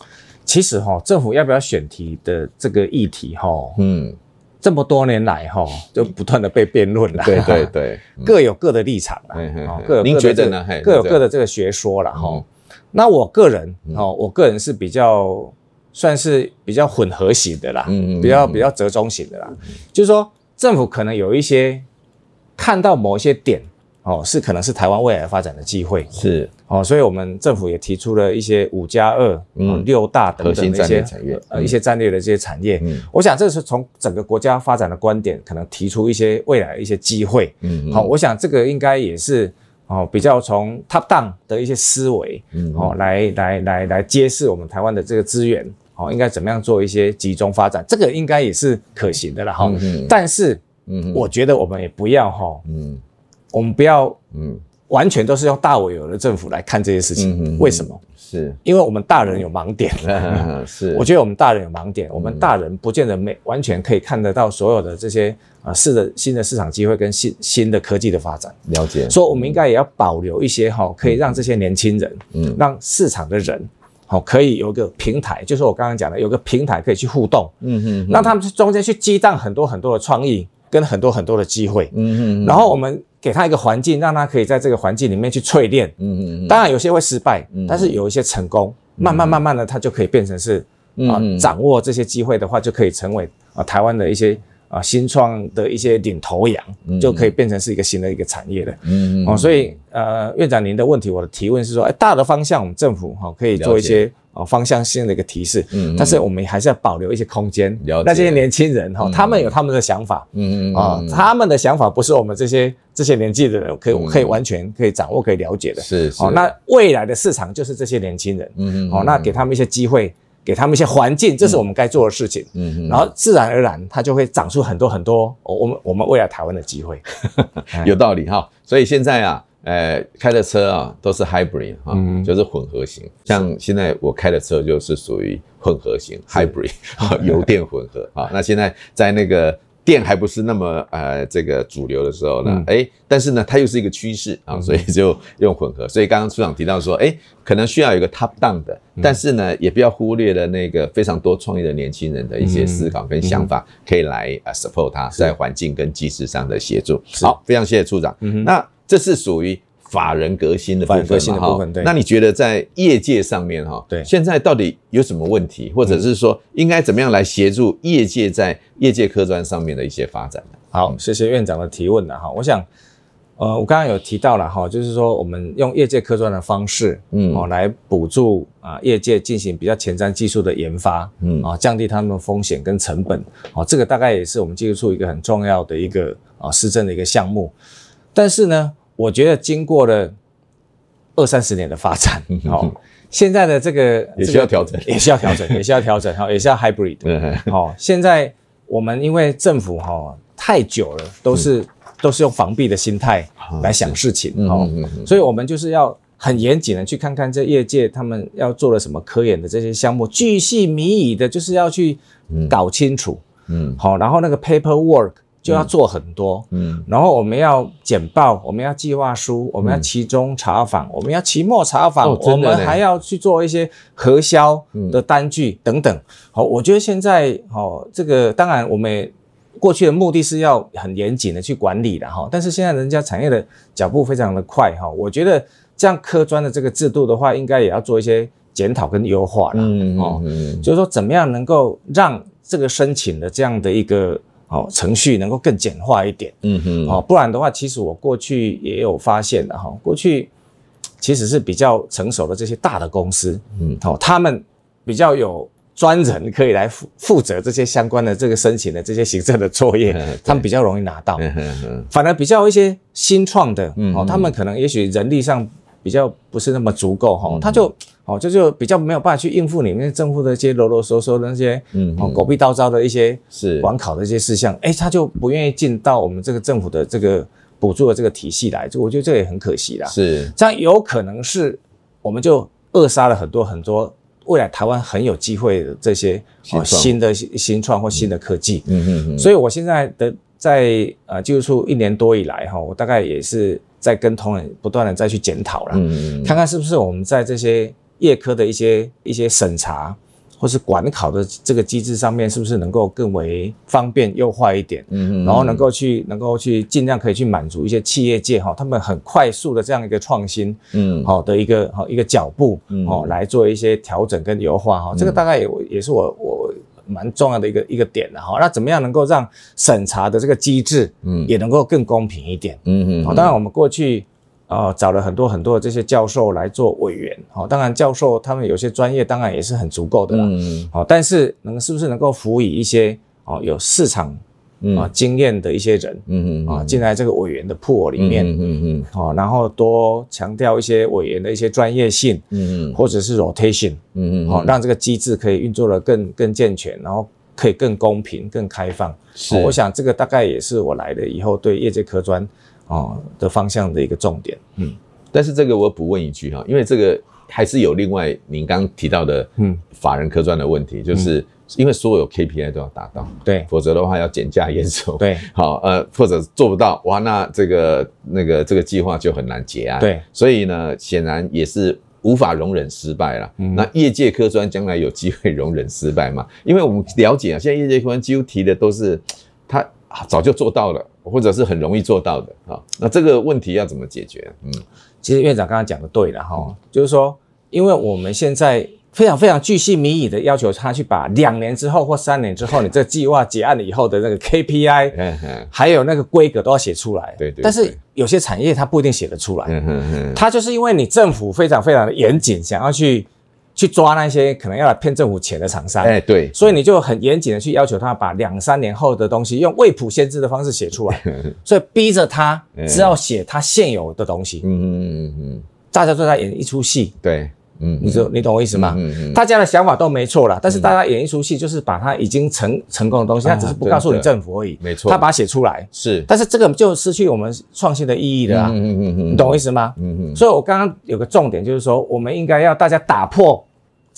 S2: 其實哈、哦，政府要不要選題的這個議題哈、哦，嗯，這麼多年來哈、哦，就不斷的被辯論啦、嗯。對對對、嗯，各有各的立場啦，嘿嘿嘿各有各的、這個，各有各的這個學說啦哈。那我個人哈、嗯哦，我個人是比較算是比較混合型的啦，嗯嗯，嗯，嗯，比較比較折中型的啦，嗯嗯嗯就是說政府可能有一些。看到某一些點哦，是可能是台灣未來發展的機會，是哦，所以我們政府也提出了一些五加二、嗯，六大等等的一些產業、呃、一些戰略的這些產業，嗯，嗯我想這是從整個國家發展的觀點，可能提出一些未來的一些機會，嗯，好、哦，我想這個應該也是哦，比較從 top down 的一些思維，嗯，哦，來來來來揭示我們台灣的這個資源，哦，應該怎麼樣做一些集中發展，這個應該也是可行的了哈、哦嗯，但是。嗯，我覺得我們也不要哈，嗯，我們不要，嗯，完全都是用大我有的政府來看這些事情，嗯、為什麼？是，因為我們大人有盲點， 是，我覺得我們大人有盲點，我們大人不見得沒完全可以看得到所有的這些啊的、呃、新的市場機會跟新新的科技的發展，了解，所以我們應該也要保留一些哈，可以讓這些年輕人，嗯，讓市場的人，好，可以有個平台，就是我剛剛講的，有個平台可以去互動，
S3: 嗯嗯讓他們中
S2: 間去中間去激盪很多很多的創意。跟很多很多的機會，嗯嗯，然後我們給他一個環境，讓他可以在這個環境裡面去淬煉，嗯嗯嗯，當然有些會失敗，嗯，但是有一些成功，慢慢慢慢的他就可以變成是，啊掌握這些機會的話，就可以成為啊台灣的一些。啊，新創的一些領頭羊，嗯嗯，就可以變成是一個新的一個產業
S3: 了。嗯，嗯，哦，所以
S2: 呃，院長您的問題，我的提問是說，欸、大的方向，我們政府哈、哦、可以做一些啊、哦、方向性的一個提示。嗯，嗯，但是我們還是要保留一些空間。了解。那這些年輕人哈、哦、嗯，他們有他們的想法。嗯嗯、啊、哦，他們的想法不是我們這些這些年紀的人可以嗯嗯，可以完全可以掌握可以了解的。是是、哦。那未來的市場就是這些年輕人。嗯嗯，嗯，嗯、哦。那給他們一些機會。給他們一些環境，這是我們該做的事情嗯嗯。嗯，然後自然而然，它就會長出很多很多我們我們未來台灣的機會。 有道理哈，
S1: 所以現在啊，呃，開的車啊都是 hybrid 哈，就是混合型，嗯。像現在我開的車就是屬於混合型 hybrid，油電混合啊。 那現在在那個。電還不是那麼呃，這個主流的時候呢，哎、嗯欸，但是呢，它又是一個趨勢啊，所以就用混合。所以剛剛處長提到說，哎、欸，可能需要有一個 top down 的、嗯，但是呢，也不要忽略了那個非常多創業的年輕人的一些思考跟想法，嗯嗯、可以來啊 support 他，在環境跟技術上的協助。好，非常謝謝處長。嗯、哼，那這是屬於。法人革新的部分哈，那你覺得在業界上面哈，對，現在到底有什麼問題，或者是說應該怎麼樣來協助業界
S2: 在業界科專上面的一些發展？嗯。好，謝謝院長的提問了哈。我想，呃，我剛剛有提到了哈，就是說我們用業界科專的方式，嗯，哦、喔，來補助啊，業界進行比較前瞻技術的研發，嗯，啊、喔，降低他們的風險跟成本，哦、喔，這個大概也是我們技術處一個很重要的一個啊，施政的一個項目，但是呢。我覺得經過了二三十年的發展，好，現在的這個也需要調整，也需要調整，這個、也需要調整，哈， 也需要，要 hybrid，好，現在我們因為政府哈太久了，都是、嗯、都是用防弊的心態來想事情、啊，所以我們就是要很嚴謹的去看看這業界他們要做了什麼科研的這些項目，巨細靡遺的，就是要去搞清楚，嗯，好、嗯，然後那個 paperwork。就要做很多嗯，嗯，然後我們要簡報，我們要計劃書，我們要期中查訪，嗯、我們要期末查訪、哦，我們還要去做一些核銷的單據等等。好、嗯嗯哦，我覺得現在，好、哦，這個當然我們過去的目的是要很嚴謹的去管理的哈、哦，但是現在人家產業的腳步非常的快哈、哦，我覺得這樣科專的這個制度的話，應該也要做一些檢討跟優化了。嗯、哦、嗯,嗯，就是說怎麼樣能夠讓這個申請的這樣的一個。哦，程序能夠更簡化一點，嗯哼，哦，不然的話，其實我過去也有發現的哈，過去其實是比較成熟的這些大的公司，嗯，他們比較有專人可以來負負責這些相關的這個申請的這些行政的作業，他們比較容易拿到，反而比較一些新創的，哦，他們可能也許人力上比較不是那麼足夠，哈，他就。哦，就就比較沒有辦法去應付裡面政府的一些囉囉嗦，嗦嗦的那些，嗯，狗屁倒灶的一些是管考的一些事項，誒、欸、他就不願意進到我們這個政府的這個補助的這個體系來，我覺得這也很可惜啦。是，這樣有可能是我們就扼殺了很多很多未來台灣很有機會的這些哦新的新創或新的科技。嗯嗯嗯。所以，我現在的在呃，技術處一年多以來哈、哦，我大概也是在跟同仁不斷的再去檢討啦，嗯嗯，看看是不是我們在這些。業科的一些一些審查或是管考的這個機制上面，是不是能夠更為方便優化一點？嗯嗯，嗯，然後能夠去能夠去盡量可以去滿足一些企業界哈，他們很快速的這樣一個創新，嗯，好的一個好、嗯嗯嗯、一個腳步，嗯，哦，來做一些調整跟優化哈。這個大概也也是我我蠻重要的一個一個點的哈。那怎麼樣能夠讓審查的這個機制，嗯，也能夠更公平一點？嗯嗯，嗯，嗯好。當然我們過去。哦，找了很多很多的這些教授來做委員，哦，當然教授他們有些專業當然也是很足夠的啦，嗯，好、哦，但是能是不是能夠輔以一些哦有市場，嗯、啊經驗的一些人，嗯嗯,嗯，啊進來這個委員的 pool 裡面，嗯嗯嗯，好、嗯嗯哦，然後多強調一些委員的一些專業性，嗯嗯，或者是 rotation，嗯嗯，
S3: 好、嗯哦，讓這
S2: 個機制可以運作得更更健全，然後可以更公平、更開放。是、哦、我想這個大概也是我來了以後對業界科專。哦的方向的一個重點，嗯，但是這個我補問一句哈，因為這個還是有另外您
S1: 剛提到的，嗯，法人科專的問題，嗯，就是因為所有 KPI 都要達到，對，嗯，否則的話要減價驗收，對，好，呃，或者做不到，哇，那這個那個這個計劃就很難結案，對，所以呢，顯然也是無法容忍失敗了。那，嗯、業界科專將來有機會容忍失敗嗎？因為我們了解啊，現在業界科專幾乎提的都是他。早就做到了，或者是很容易做到的啊。那這個問
S2: 題要怎麼解決？嗯，其實院長剛剛講的對了哈、嗯，就是說，因為我們現在非常非常巨細靡遺的要求他去把兩年之後或三年之後你這計劃結案了以後的那個 KPI，嗯還有那個規格都要寫出來。對、嗯、對，但是有些產業他不一定寫得出來。嗯哼哼，他就是因為你政府非常非常的嚴謹，想要去。去抓那些可能要來騙政府錢的廠商，哎、欸，對，所以你就很嚴謹的去要求他把兩三年後的東西用未卜先知的方式寫出來， 所以逼着他只要寫他現有的東西，嗯哼嗯嗯嗯大家都在演一齣戲，對，嗯，你說、嗯、你懂我意思嗎？嗯哼嗯哼，大家的想法都沒錯啦，但是大家演一齣戲，就是把他已經成、嗯、成功的東西，他只是不告訴你政府而已，沒、哦、錯，他把它寫出來是，但是這個就失去我們創新的意義了、啊，嗯嗯嗯嗯，你懂我意思嗎？嗯嗯，所以我剛剛有個重點就是說，我們應該要大家打破。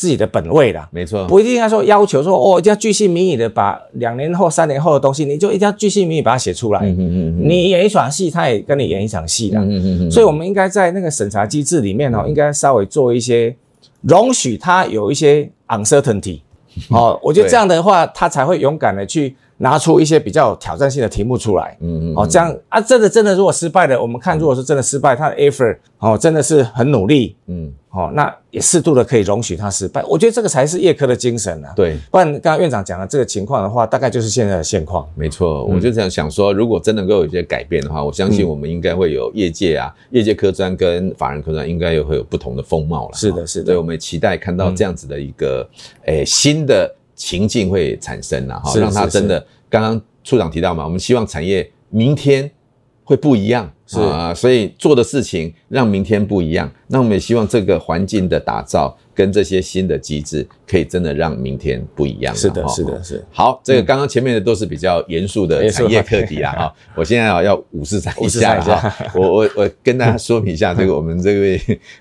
S2: 自己的本位啦，沒錯，不一定要說要求說哦，一定要巨細靡遺的把兩年後、三年後的東西，你就一定要巨細靡遺把它寫出來，嗯哼嗯哼。你演一場戲，他也跟你演一場戲啦、嗯嗯。所以，我們應該在那個審查機制裡面呢、嗯，應該稍微做一些，容許他有一些 uncertainty、嗯。哦，我覺得這樣的話，他才會勇敢的去。拿出一些比較挑戰性的題目出來，嗯嗯，哦，這樣啊，真的真的，如果失敗了，我們看，如果是真的失敗，他的 effort、哦、真的是很努力，嗯，好、哦，那也適度的可以容許他失敗，我覺得這個才是業科的精神啊。對，不然剛剛院長講的這個情況的話，大概就是現在的現況。沒錯、嗯，我就這樣想說，如果真能夠有一些改變的話，我相信我們應該會有
S1: 業界啊，嗯、業界科專跟法人科專應該又會有不同的風貌了。是的，是的，所以我們也期待看到這樣子的一個誒、嗯欸、新的。情境會產生吶，哈，讓他真的，剛剛處長提到嘛，我們希望產業明天會不一樣，啊、呃，所以做的事情讓明天不一樣。那我們也希望這個環境的打造跟這些新的機製，可以真的讓明天不一樣、啊。是的，是的，是。好，這個剛剛前面的都是比較嚴肅的產業課題啊，哈、嗯，我現在要五四三一下啊，要五四三一下，一下我我我跟大家說明一下，這個我們這位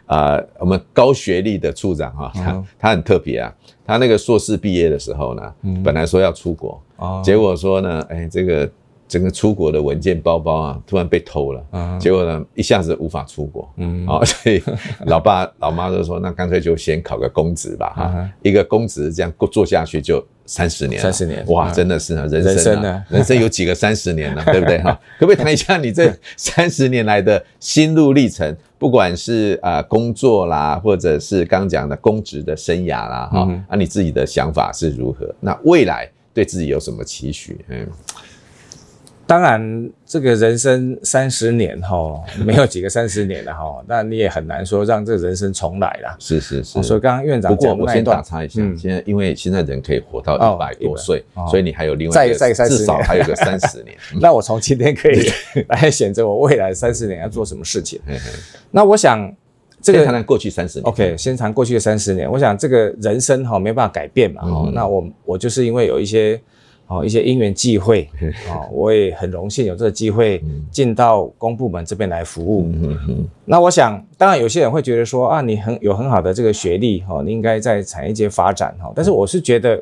S1: 啊、呃，我們高學歷的處長哈、啊，他很特別啊。他那個碩士畢業的時候呢、嗯，本來說要出國、哦，結果說呢，哎，這個整個出國的文件包包啊，突然被偷了，嗯、結果呢，一下子無法出國，啊、嗯哦，所以老爸 老媽就說，那乾脆就先考個公職吧，哈、嗯，一個公職這樣過做下去就三十年，三十年，哇，真的是、啊嗯、人生呢、啊啊，人生有幾個三十年呢？ 對不對哈、啊？可不可以談一下你這三十年來的心路歷程？不管是啊工作啦，或者是剛講的公職的生涯啦，哈，嗯，啊你自己的想法是如何？那未來對自己有什麼期
S2: 許？嗯。當然，這個人生三十年哈，沒有幾個三十年了哈，那 你也很難說讓這個人生重來啦。是是是。哦、所以剛剛院長，不過我先打岔
S1: 一下，嗯，現在因為現在人可以活到一百多歲，哦，所以你還有另外一個，哦、再再三十年至少還有個三十
S2: 年、 嗯。那我從今天可以來選擇我未來三十年要做什麼事情。 那我想這個先談過去三十年，OK，先談過去三十年，嗯。我想這個人生哈沒辦法改變嘛，哦、嗯嗯，那我我就是因為有一些。哦，一些因緣際會，哦，我也很榮幸有這個機會進到公部門這邊來服務。 那我想，當然有些人會覺得說，啊，你很有很好的這個學歷，哦，你應該在產業界發展，哈。但是我是覺得，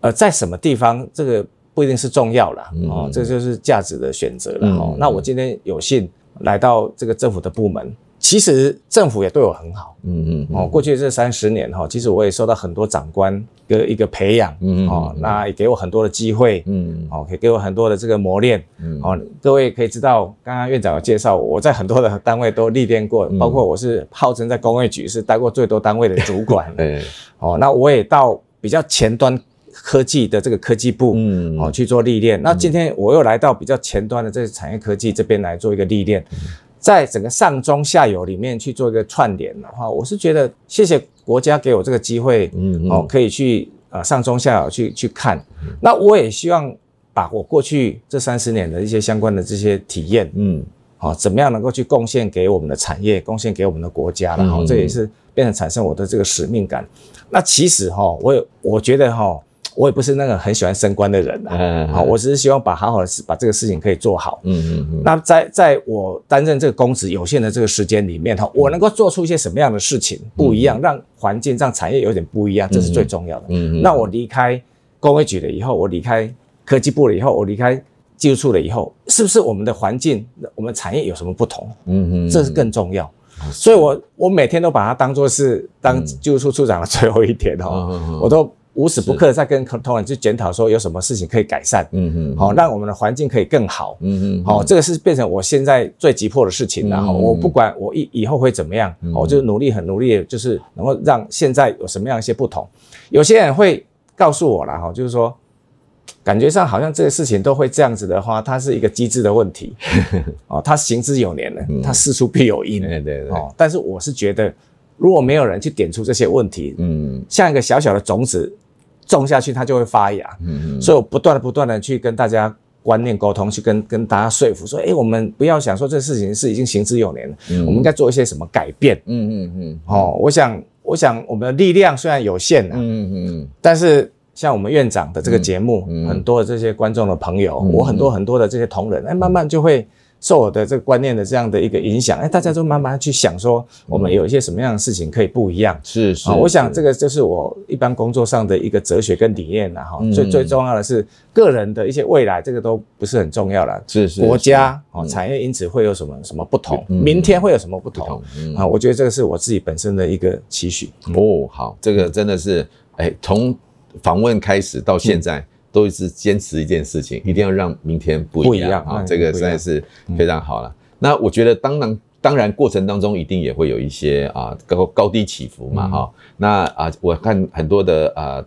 S2: 呃，在什麼地方，這個不一定是重要了、嗯，哦，這個、就是價值的選擇了。哦、嗯，那我今天有幸來到這個政府的部門。其實政府也對我很好，嗯嗯，哦，過去這三十年哈，其實我也受到很多長官的一,一個培養，嗯，嗯哦，那也給我很多的機會，嗯哦，可以給我很多的這個磨練，嗯，哦，各位可以知道，剛剛院長有介紹，我在很多的單位都歷練過，嗯，包括我是號稱在工業局是待過最多單位的主管，嗯，嗯，哦，那我也到比較前端科技的這個科技部，嗯，哦，去做歷練，嗯，那今天我又來到比較前端的這個產業科技這邊來做一個歷練。嗯嗯在整個上中下游裡面去做一個串聯的話，我是覺得謝謝國家給我這個機會，嗯，嗯，哦，可以去啊、呃，上中下游去去看。那我也希望把我過去這三十年的一些相關的這些體驗，嗯，哦，怎麼樣能夠去貢獻給我們的產業，貢獻給我們的國家，然、哦、後這也是變成產生我的這個使命感。那其實哈、哦，我我覺得哈、哦。我也不是那個很喜歡升官的人了、啊，好，我只是希望把好好的把這個事情可以做好。嗯，那在在我擔任這個公職有限的這個時間裡面，嗯、我能夠做出一些什麼樣的事情不一樣，嗯、讓環境、讓產業有點不一樣，這是最重要的。嗯，那我離開工業局了以後，我離開科技部了以後，我離開技術處了以後，是不是我們的環境、我們產業有什麼不同？嗯，這是更重要。嗯、所以我我每天都把它當做是當技術處處長的最後一天哈、嗯，我都。無時不刻在跟同仁去檢討，說有什麼事情可以改善。嗯嗯，好、哦，讓我們的環境可以更好。嗯嗯，好、哦，這個是變成我現在最急迫的事情、嗯、我不管我以以後會怎麼樣，我、嗯哦、就努力很努力，就是能夠讓現在有什麼樣一些不同。有些人會告訴我了哈，就是說，感覺上好像這個事情都會這樣子的話，它是一個機制的問題。哦，它行之有年了，嗯、它事出必有因、嗯哦。對對對。但是我是覺得。如果沒有人去點出這些問題，嗯，像一個小小的種子種下去，它就會發芽，嗯，嗯，所以我不斷的、不斷的去跟大家觀念溝通，去跟跟大家說服，說，誒、欸、我們不要想說這事情是已經行之有年了，嗯、我們應該做一些什麼改變，嗯
S3: 嗯
S2: 嗯，嗯、哦，我想，我想我們的力量雖然有限、啊、嗯嗯嗯，嗯，但是像我們院長的這個節目、嗯嗯，很多的這些觀眾的朋友、嗯嗯，我很多很多的這些同仁，欸、慢慢就會。受我的這個觀念的這樣的一個影響，哎，大家都慢慢去想說，我們有一些什麼樣的事情可以不一樣？是、嗯、是，我想這個就是我一般工作上的一個哲學跟理念啦哈、嗯。最最重要的是個人的一些未來，這個都不是很重要啦。是，是是，國家哦、嗯，產業因此會有什麼什麼不同、嗯？明天會有什麼不同？嗯、啊，我覺得這個是我自己本身的一個期許。哦，
S1: 好，這個真的是哎，從訪問開始到現在。嗯都一直堅持一件事情，一定要讓明天不一樣，不一樣啊、哦！這個實在是非常好了、嗯。那我覺得當然，當然當然，過程當中一定也會有一些啊，高高低起伏嘛，哈、嗯哦。那啊，我看很多的啊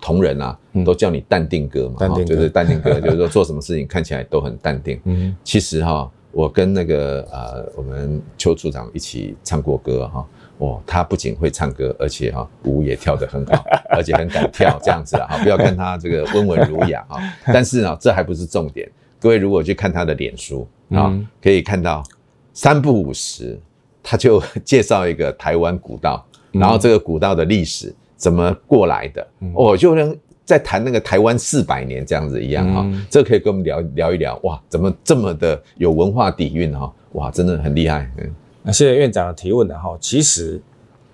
S1: 同仁啊，都叫你淡定哥嘛、嗯、淡定哥，就是淡定哥，就是說做什麼事情看起來都很淡定。嗯、其實哈、哦，我跟那個啊、呃，我們邱處長一起唱過歌哈、哦。哦，他不僅會唱歌，而且哈、哦、舞也跳得很好，而且很敢跳這樣子啊，不要看他這個溫文儒雅啊、哦。但是呢、哦，這還不是重點。各位如果去看他的臉書啊、嗯哦，可以看到三不五時，他就介紹一個台灣古道、嗯，然後這個古道的歷史怎麼過來的，哦，就像在談那個台灣四百年這樣子一樣哈、哦嗯。這可以跟我們聊聊一聊哇，怎麼這麼的有文化底蘊哈？哇，真
S2: 的很厲害。嗯那謝謝院長的提問的哈，其實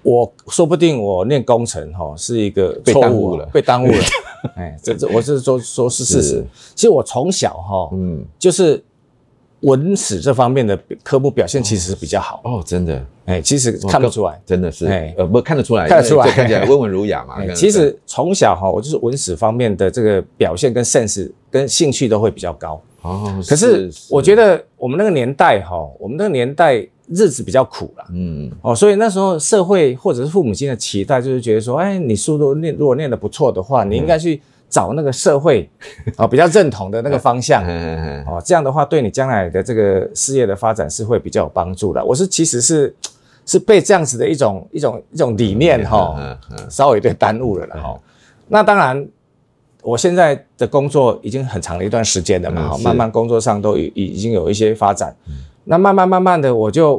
S2: 我說不定我念工程哈是一個被耽誤了，被耽誤了。 哎，這這我是說說是事實。其實我從小哈，嗯，就是文史這方面的科目表現其實比較好哦，哦，真的。哎，其實看不出來，真的是，呃，不看得出來，看得出來，看起來溫文儒雅嘛、哎。其實從小哈，我就是文史方面的這個表現跟 sense 跟興趣都會比較高哦。可是，是，是我覺得我們那個年代哈，我們那個年代。日子比較苦
S3: 了，
S2: 嗯哦，所以那時候社會或者是父母親的期待，就是覺得說，哎，你書都念如果念得不錯的話，嗯、你應該去找那個社會哦比較認同的那個方向，嗯嗯嗯、哦這樣的話對你將來的這個事業的發展是會比較有幫助的。我是其實是是被這樣子的一種一種一種理念哈、嗯嗯嗯嗯，稍微有點耽誤了了哈、嗯嗯。那當然，我現在的工作已經很長的一段時間了嘛、嗯，慢慢工作上都已經有一些發展。嗯那慢慢慢慢的，我就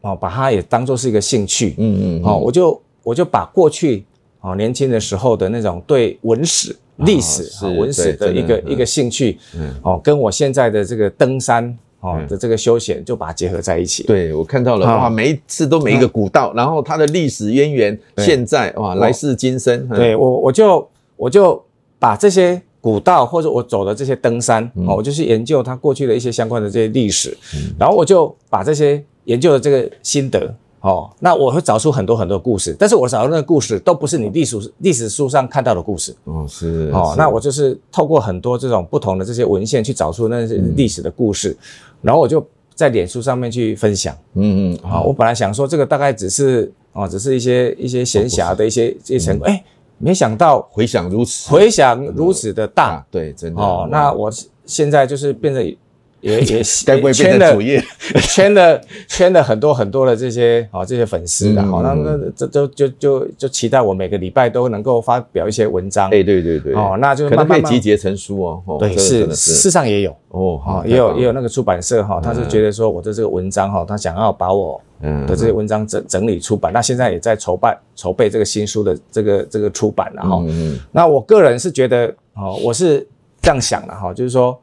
S2: 哦，把它也當做是一個興趣，嗯嗯，哦，我就我就把過去哦年輕的時候的那種對文史歷史文史的一個一個興趣，嗯，哦，跟我現在的這個登山哦的這個休閒，就把它結合在一起。對，我看到了哇，每一次都每一個古道，然後它的歷史淵源，現在哇來世今生。對，我我就我就把這些。古道或者我走的這些登山，嗯、我就去研究它過去的一些相關的這些歷史、嗯，然後我就把這些研究的這個心得，哦，那我會找出很多很多故事，但是我找到那個故事都不是你歷史、哦、歷史書上看到的故事，哦是，哦是那我就是透過很多這種不同的這些文獻去找出那歷史的故事、嗯，然後我就在臉書上面去分享，嗯嗯、哦、我本來想說這個大概只是哦，只是一些一些閒暇的一些、哦、一些成、嗯、誒沒想到回響如此，回響如此的大，啊、對，真的。哦，那我現在就是變得。也 也，但會圈的 圈的圈的很多很多的這些啊、哦，這些粉絲啊，好、嗯嗯嗯，那那這就就就，就，就期待我每個禮拜都能夠發表一些文章，哎、欸，對對對，哦，那就慢慢，慢，慢可能被集結成書、啊、哦對，對，是，事實上也有哦哈，也有也有那個出版社哈、哦，他是覺得說我的這個文章哈、哦，他想要把我的這些文章整整理出版嗯嗯，那現在也在籌辦籌備這個新書的這個這個出版啊、哦，嗯嗯，那我個人是覺得哦，我是這樣想的哈，就是說，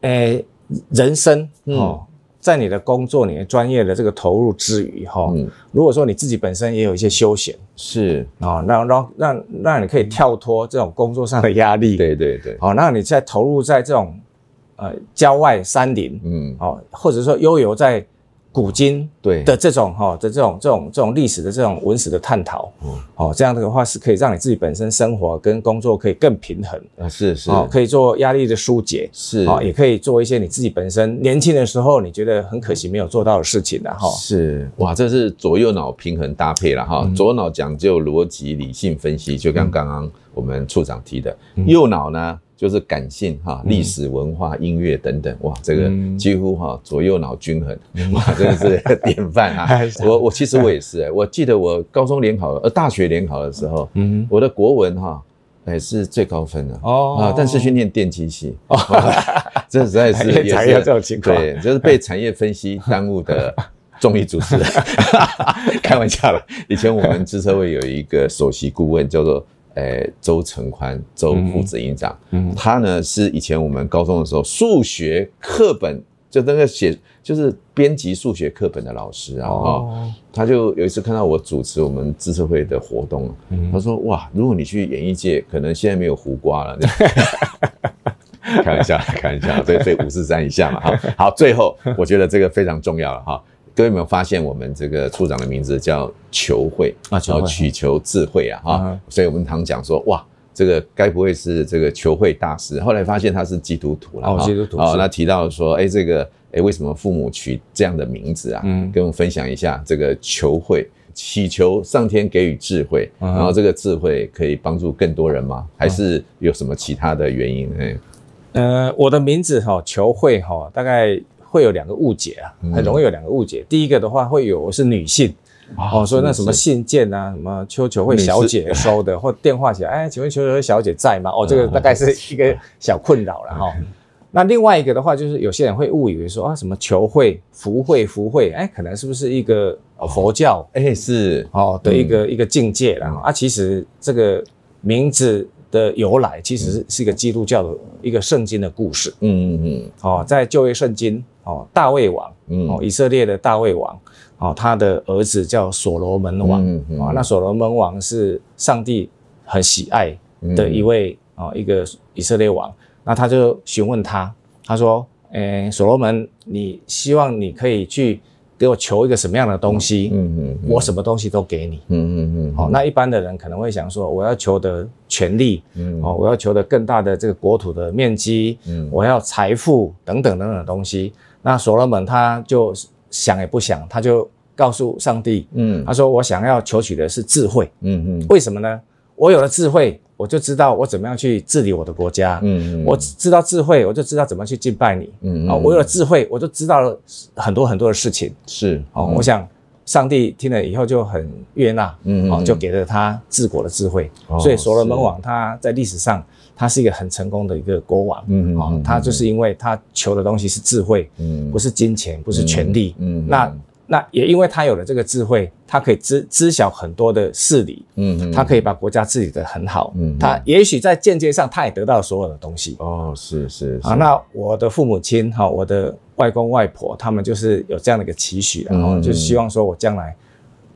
S2: 哎、欸。人生、嗯、哦，在你的工作、你的專業的這個投入之餘，哈、哦嗯，如果說你自己本身也有一些休閒，是啊、哦，讓讓讓讓你可以跳脫這種工作上的壓力，對對對，哦，讓你在投入在這種呃郊外山林，嗯，哦，或者說悠游在。古今。對的這種哈、喔、的這種這種這種歷史的這種文史的探討，哦、嗯喔，這樣的話是可以讓你自己本身生活跟工作可以更平衡，啊、是是、喔，可以做壓力的疏解，是、喔、也可以做一些你自己本身年輕的時候你覺得很可惜沒有做到的事情的哈、喔，是哇，這是左右腦平衡搭配了哈、嗯，左腦講究邏
S1: 輯理性分析，就跟剛剛我們處長提的，嗯、右腦呢。就是感性哈，歷史文化、嗯、音樂等等，哇，這個幾乎哈左右腦均衡，哇、嗯，這個是典範啊！ 還我我其實我也是哎，我記得我高中聯考呃大學聯考的時候，嗯我的國文哈也是最高分的哦啊，但是去念電機系哦，這實在是也是 產業有這種情況對，就是被產業分析耽誤的綜藝主持人， 開玩笑了，以前我們資策會有一個首席顧問叫做。呃、周成寬，周副指揮長、嗯嗯，他呢是以前我們高中的時候數學課本就那個寫，就是編輯數學課本的老師啊、哦哦。他就有一次看到我主持我們資策會的活動、嗯，他說：“哇，如果你去演藝界，可能現在沒有胡瓜了。嗯”開玩笑, 看一下，開玩笑對，對這五四三以下嘛哈。好，最後 我覺得這個非常重要了、啊、哈。各位有沒有發現，我們這個處長的名字叫求慧，啊、求慧然後祈求智慧啊，哈、哦哦。所以我們常講說，哇，這個該不會是這個求慧大師？後來發現他是基督徒了，哦，基督徒。哦，他提到說，哎，這個，哎，為什麼父母取這樣的名字啊？嗯，跟我們分享一下，這個求慧，祈求上天給予智慧、哦，然後這個智慧可以幫助更多人嗎？還是有什麼其他的原因？嗯、哦哎，
S2: 呃，我的名字哈、哦，求慧哈、哦，大概。會有兩個誤解啊，很容易有兩個誤解。第一個的話，會有是女性哦，說那什麼信件啊，是是什麼邱求慧小姐收的，或電話起來，哎，請問邱求慧小姐在嗎哦、嗯？哦，這個大概是一個小困擾了哈、嗯嗯哦。那另外一個的話，就是有些人會誤以為說啊，什麼求慧、福慧、福慧，哎，可能是不是一個佛教個？哎，是哦的一個、哦、對一個境界了、嗯、啊，其實這個名字的由來，其實是，、嗯、是一個基督教的一個聖經的故事。嗯嗯嗯，哦，在舊約聖經。哦，大衛王、嗯，哦，以色列的大衛王，哦，他的兒子叫所羅門王，啊、嗯嗯哦，那所羅門王是上帝很喜愛的一位、嗯，哦，一個以色列王。那他就詢問他，他說，誒、欸，所羅門，你希望你可以去給我求一個什麼樣的東西？嗯嗯，嗯，嗯，我什麼東西都給你。嗯嗯嗯。好、嗯哦，那一般的人可能會想說，我要求的權力、嗯，嗯，哦，我要求的更大的這個國土的面積，嗯，我要財富等等等等的東西。那所羅門他就想也不想，他就告訴上帝，嗯，他說我想要求取的是智慧，嗯嗯，為什麼呢？我有了智慧，我就知道我怎麼樣去治理我的國家，嗯，嗯，我知道智慧，我就知道怎麼去敬拜你，
S3: 嗯嗯、哦，我有了
S2: 智慧，我就知道了很多很多的事情，是，嗯、哦，我想上帝聽了以後就很悅納，嗯嗯，哦，就給了他治國的智慧，哦、所以所羅門王他在歷史上。他是一個很成功的一個國王，嗯哼嗯哼，他就是因為他求的東西是智慧，嗯，不是金錢，不是權力。嗯哼嗯哼，那那也因為他有了這個智慧，他可以知知曉很多的事理，嗯哼嗯哼，他可以把國家治理得很好，嗯，他也許在間接上他也得到所有的東西，哦，是是是，那我的父母親哈，我的外公外婆他們就是有這樣的一個期許，然、嗯、後、嗯、就希望說我將來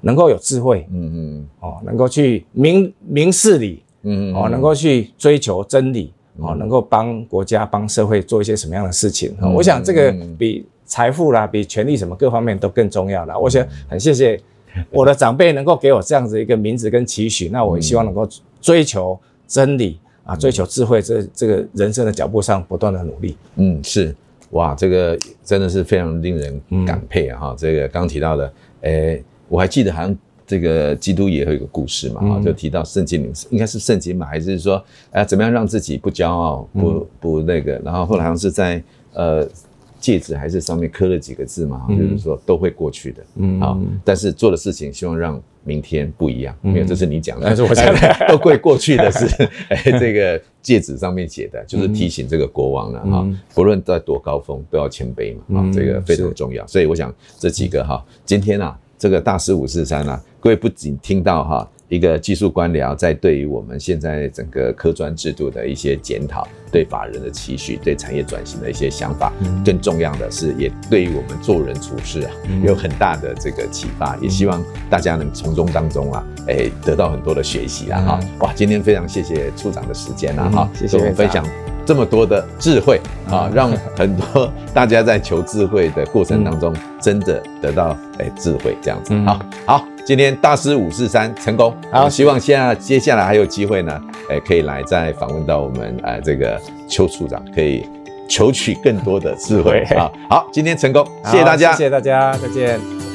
S2: 能夠有智慧，嗯哼嗯，哦，能夠去明明事理。嗯，哦，能夠去追求真理，哦，能夠幫國家、幫社會做一些什麼樣的事情？哦，我，嗯、我想這個比財富啦、比權力什麼各方面都更重要啦。嗯、我想很謝謝我的長輩能夠給我這樣子一個名字跟期許，那我也希望能夠追求真理、嗯、啊，追求智慧這，在這個人生的腳步上不斷的努力。嗯，是，哇，這個真的是非常令人感佩哈、啊嗯哦。
S1: 這個剛提到的，誒、欸、我還記得好像。這個基督也有一個故事嘛，嗯、就提到聖經名字。應該是聖經嘛，還是說啊、呃，怎麼樣讓自己不驕傲，不不那個、嗯，然後後來好像是在呃戒指還是上面刻了幾個字嘛，嗯、就是說都會過去的，啊、嗯哦，但是做的事情希望讓明天不一樣，因、嗯、為這是你講的、嗯，但是我想 都會過去的是、哎，這個戒指上面寫的、嗯、就是提醒這個國王了、啊、哈、嗯哦，不論在多高峰都要謙卑嘛，啊、哦嗯，這個非常重要，所以我想這幾個哈、嗯，今天啊，嗯、這個大師五四三啊。各位不僅聽到哈一個技術官僚在對於我們現在整個科專制度的一些檢討，對法人的期許，對產業轉型的一些想法，更重要的，是也對於我們做人處事啊，有很大的這個啟發。也希望大家能從中當中啊，誒，得到很多的學習啊，哈。哇，今天非常謝謝處長的時間了哈，謝謝分享。這麼多的智慧啊、哦，讓很多大家在求智慧的過程當中，真的得到誒、嗯欸、智慧這樣子。好，好，今天大師五四三成功。好，呃、希望下接下來還有機會呢，誒、欸，可以來再訪問到我們啊、呃、這個邱處長，可以求取更多的智慧啊。嗯、好，嘿嘿好，今天成功，謝謝大家，謝
S2: 謝大家，再見。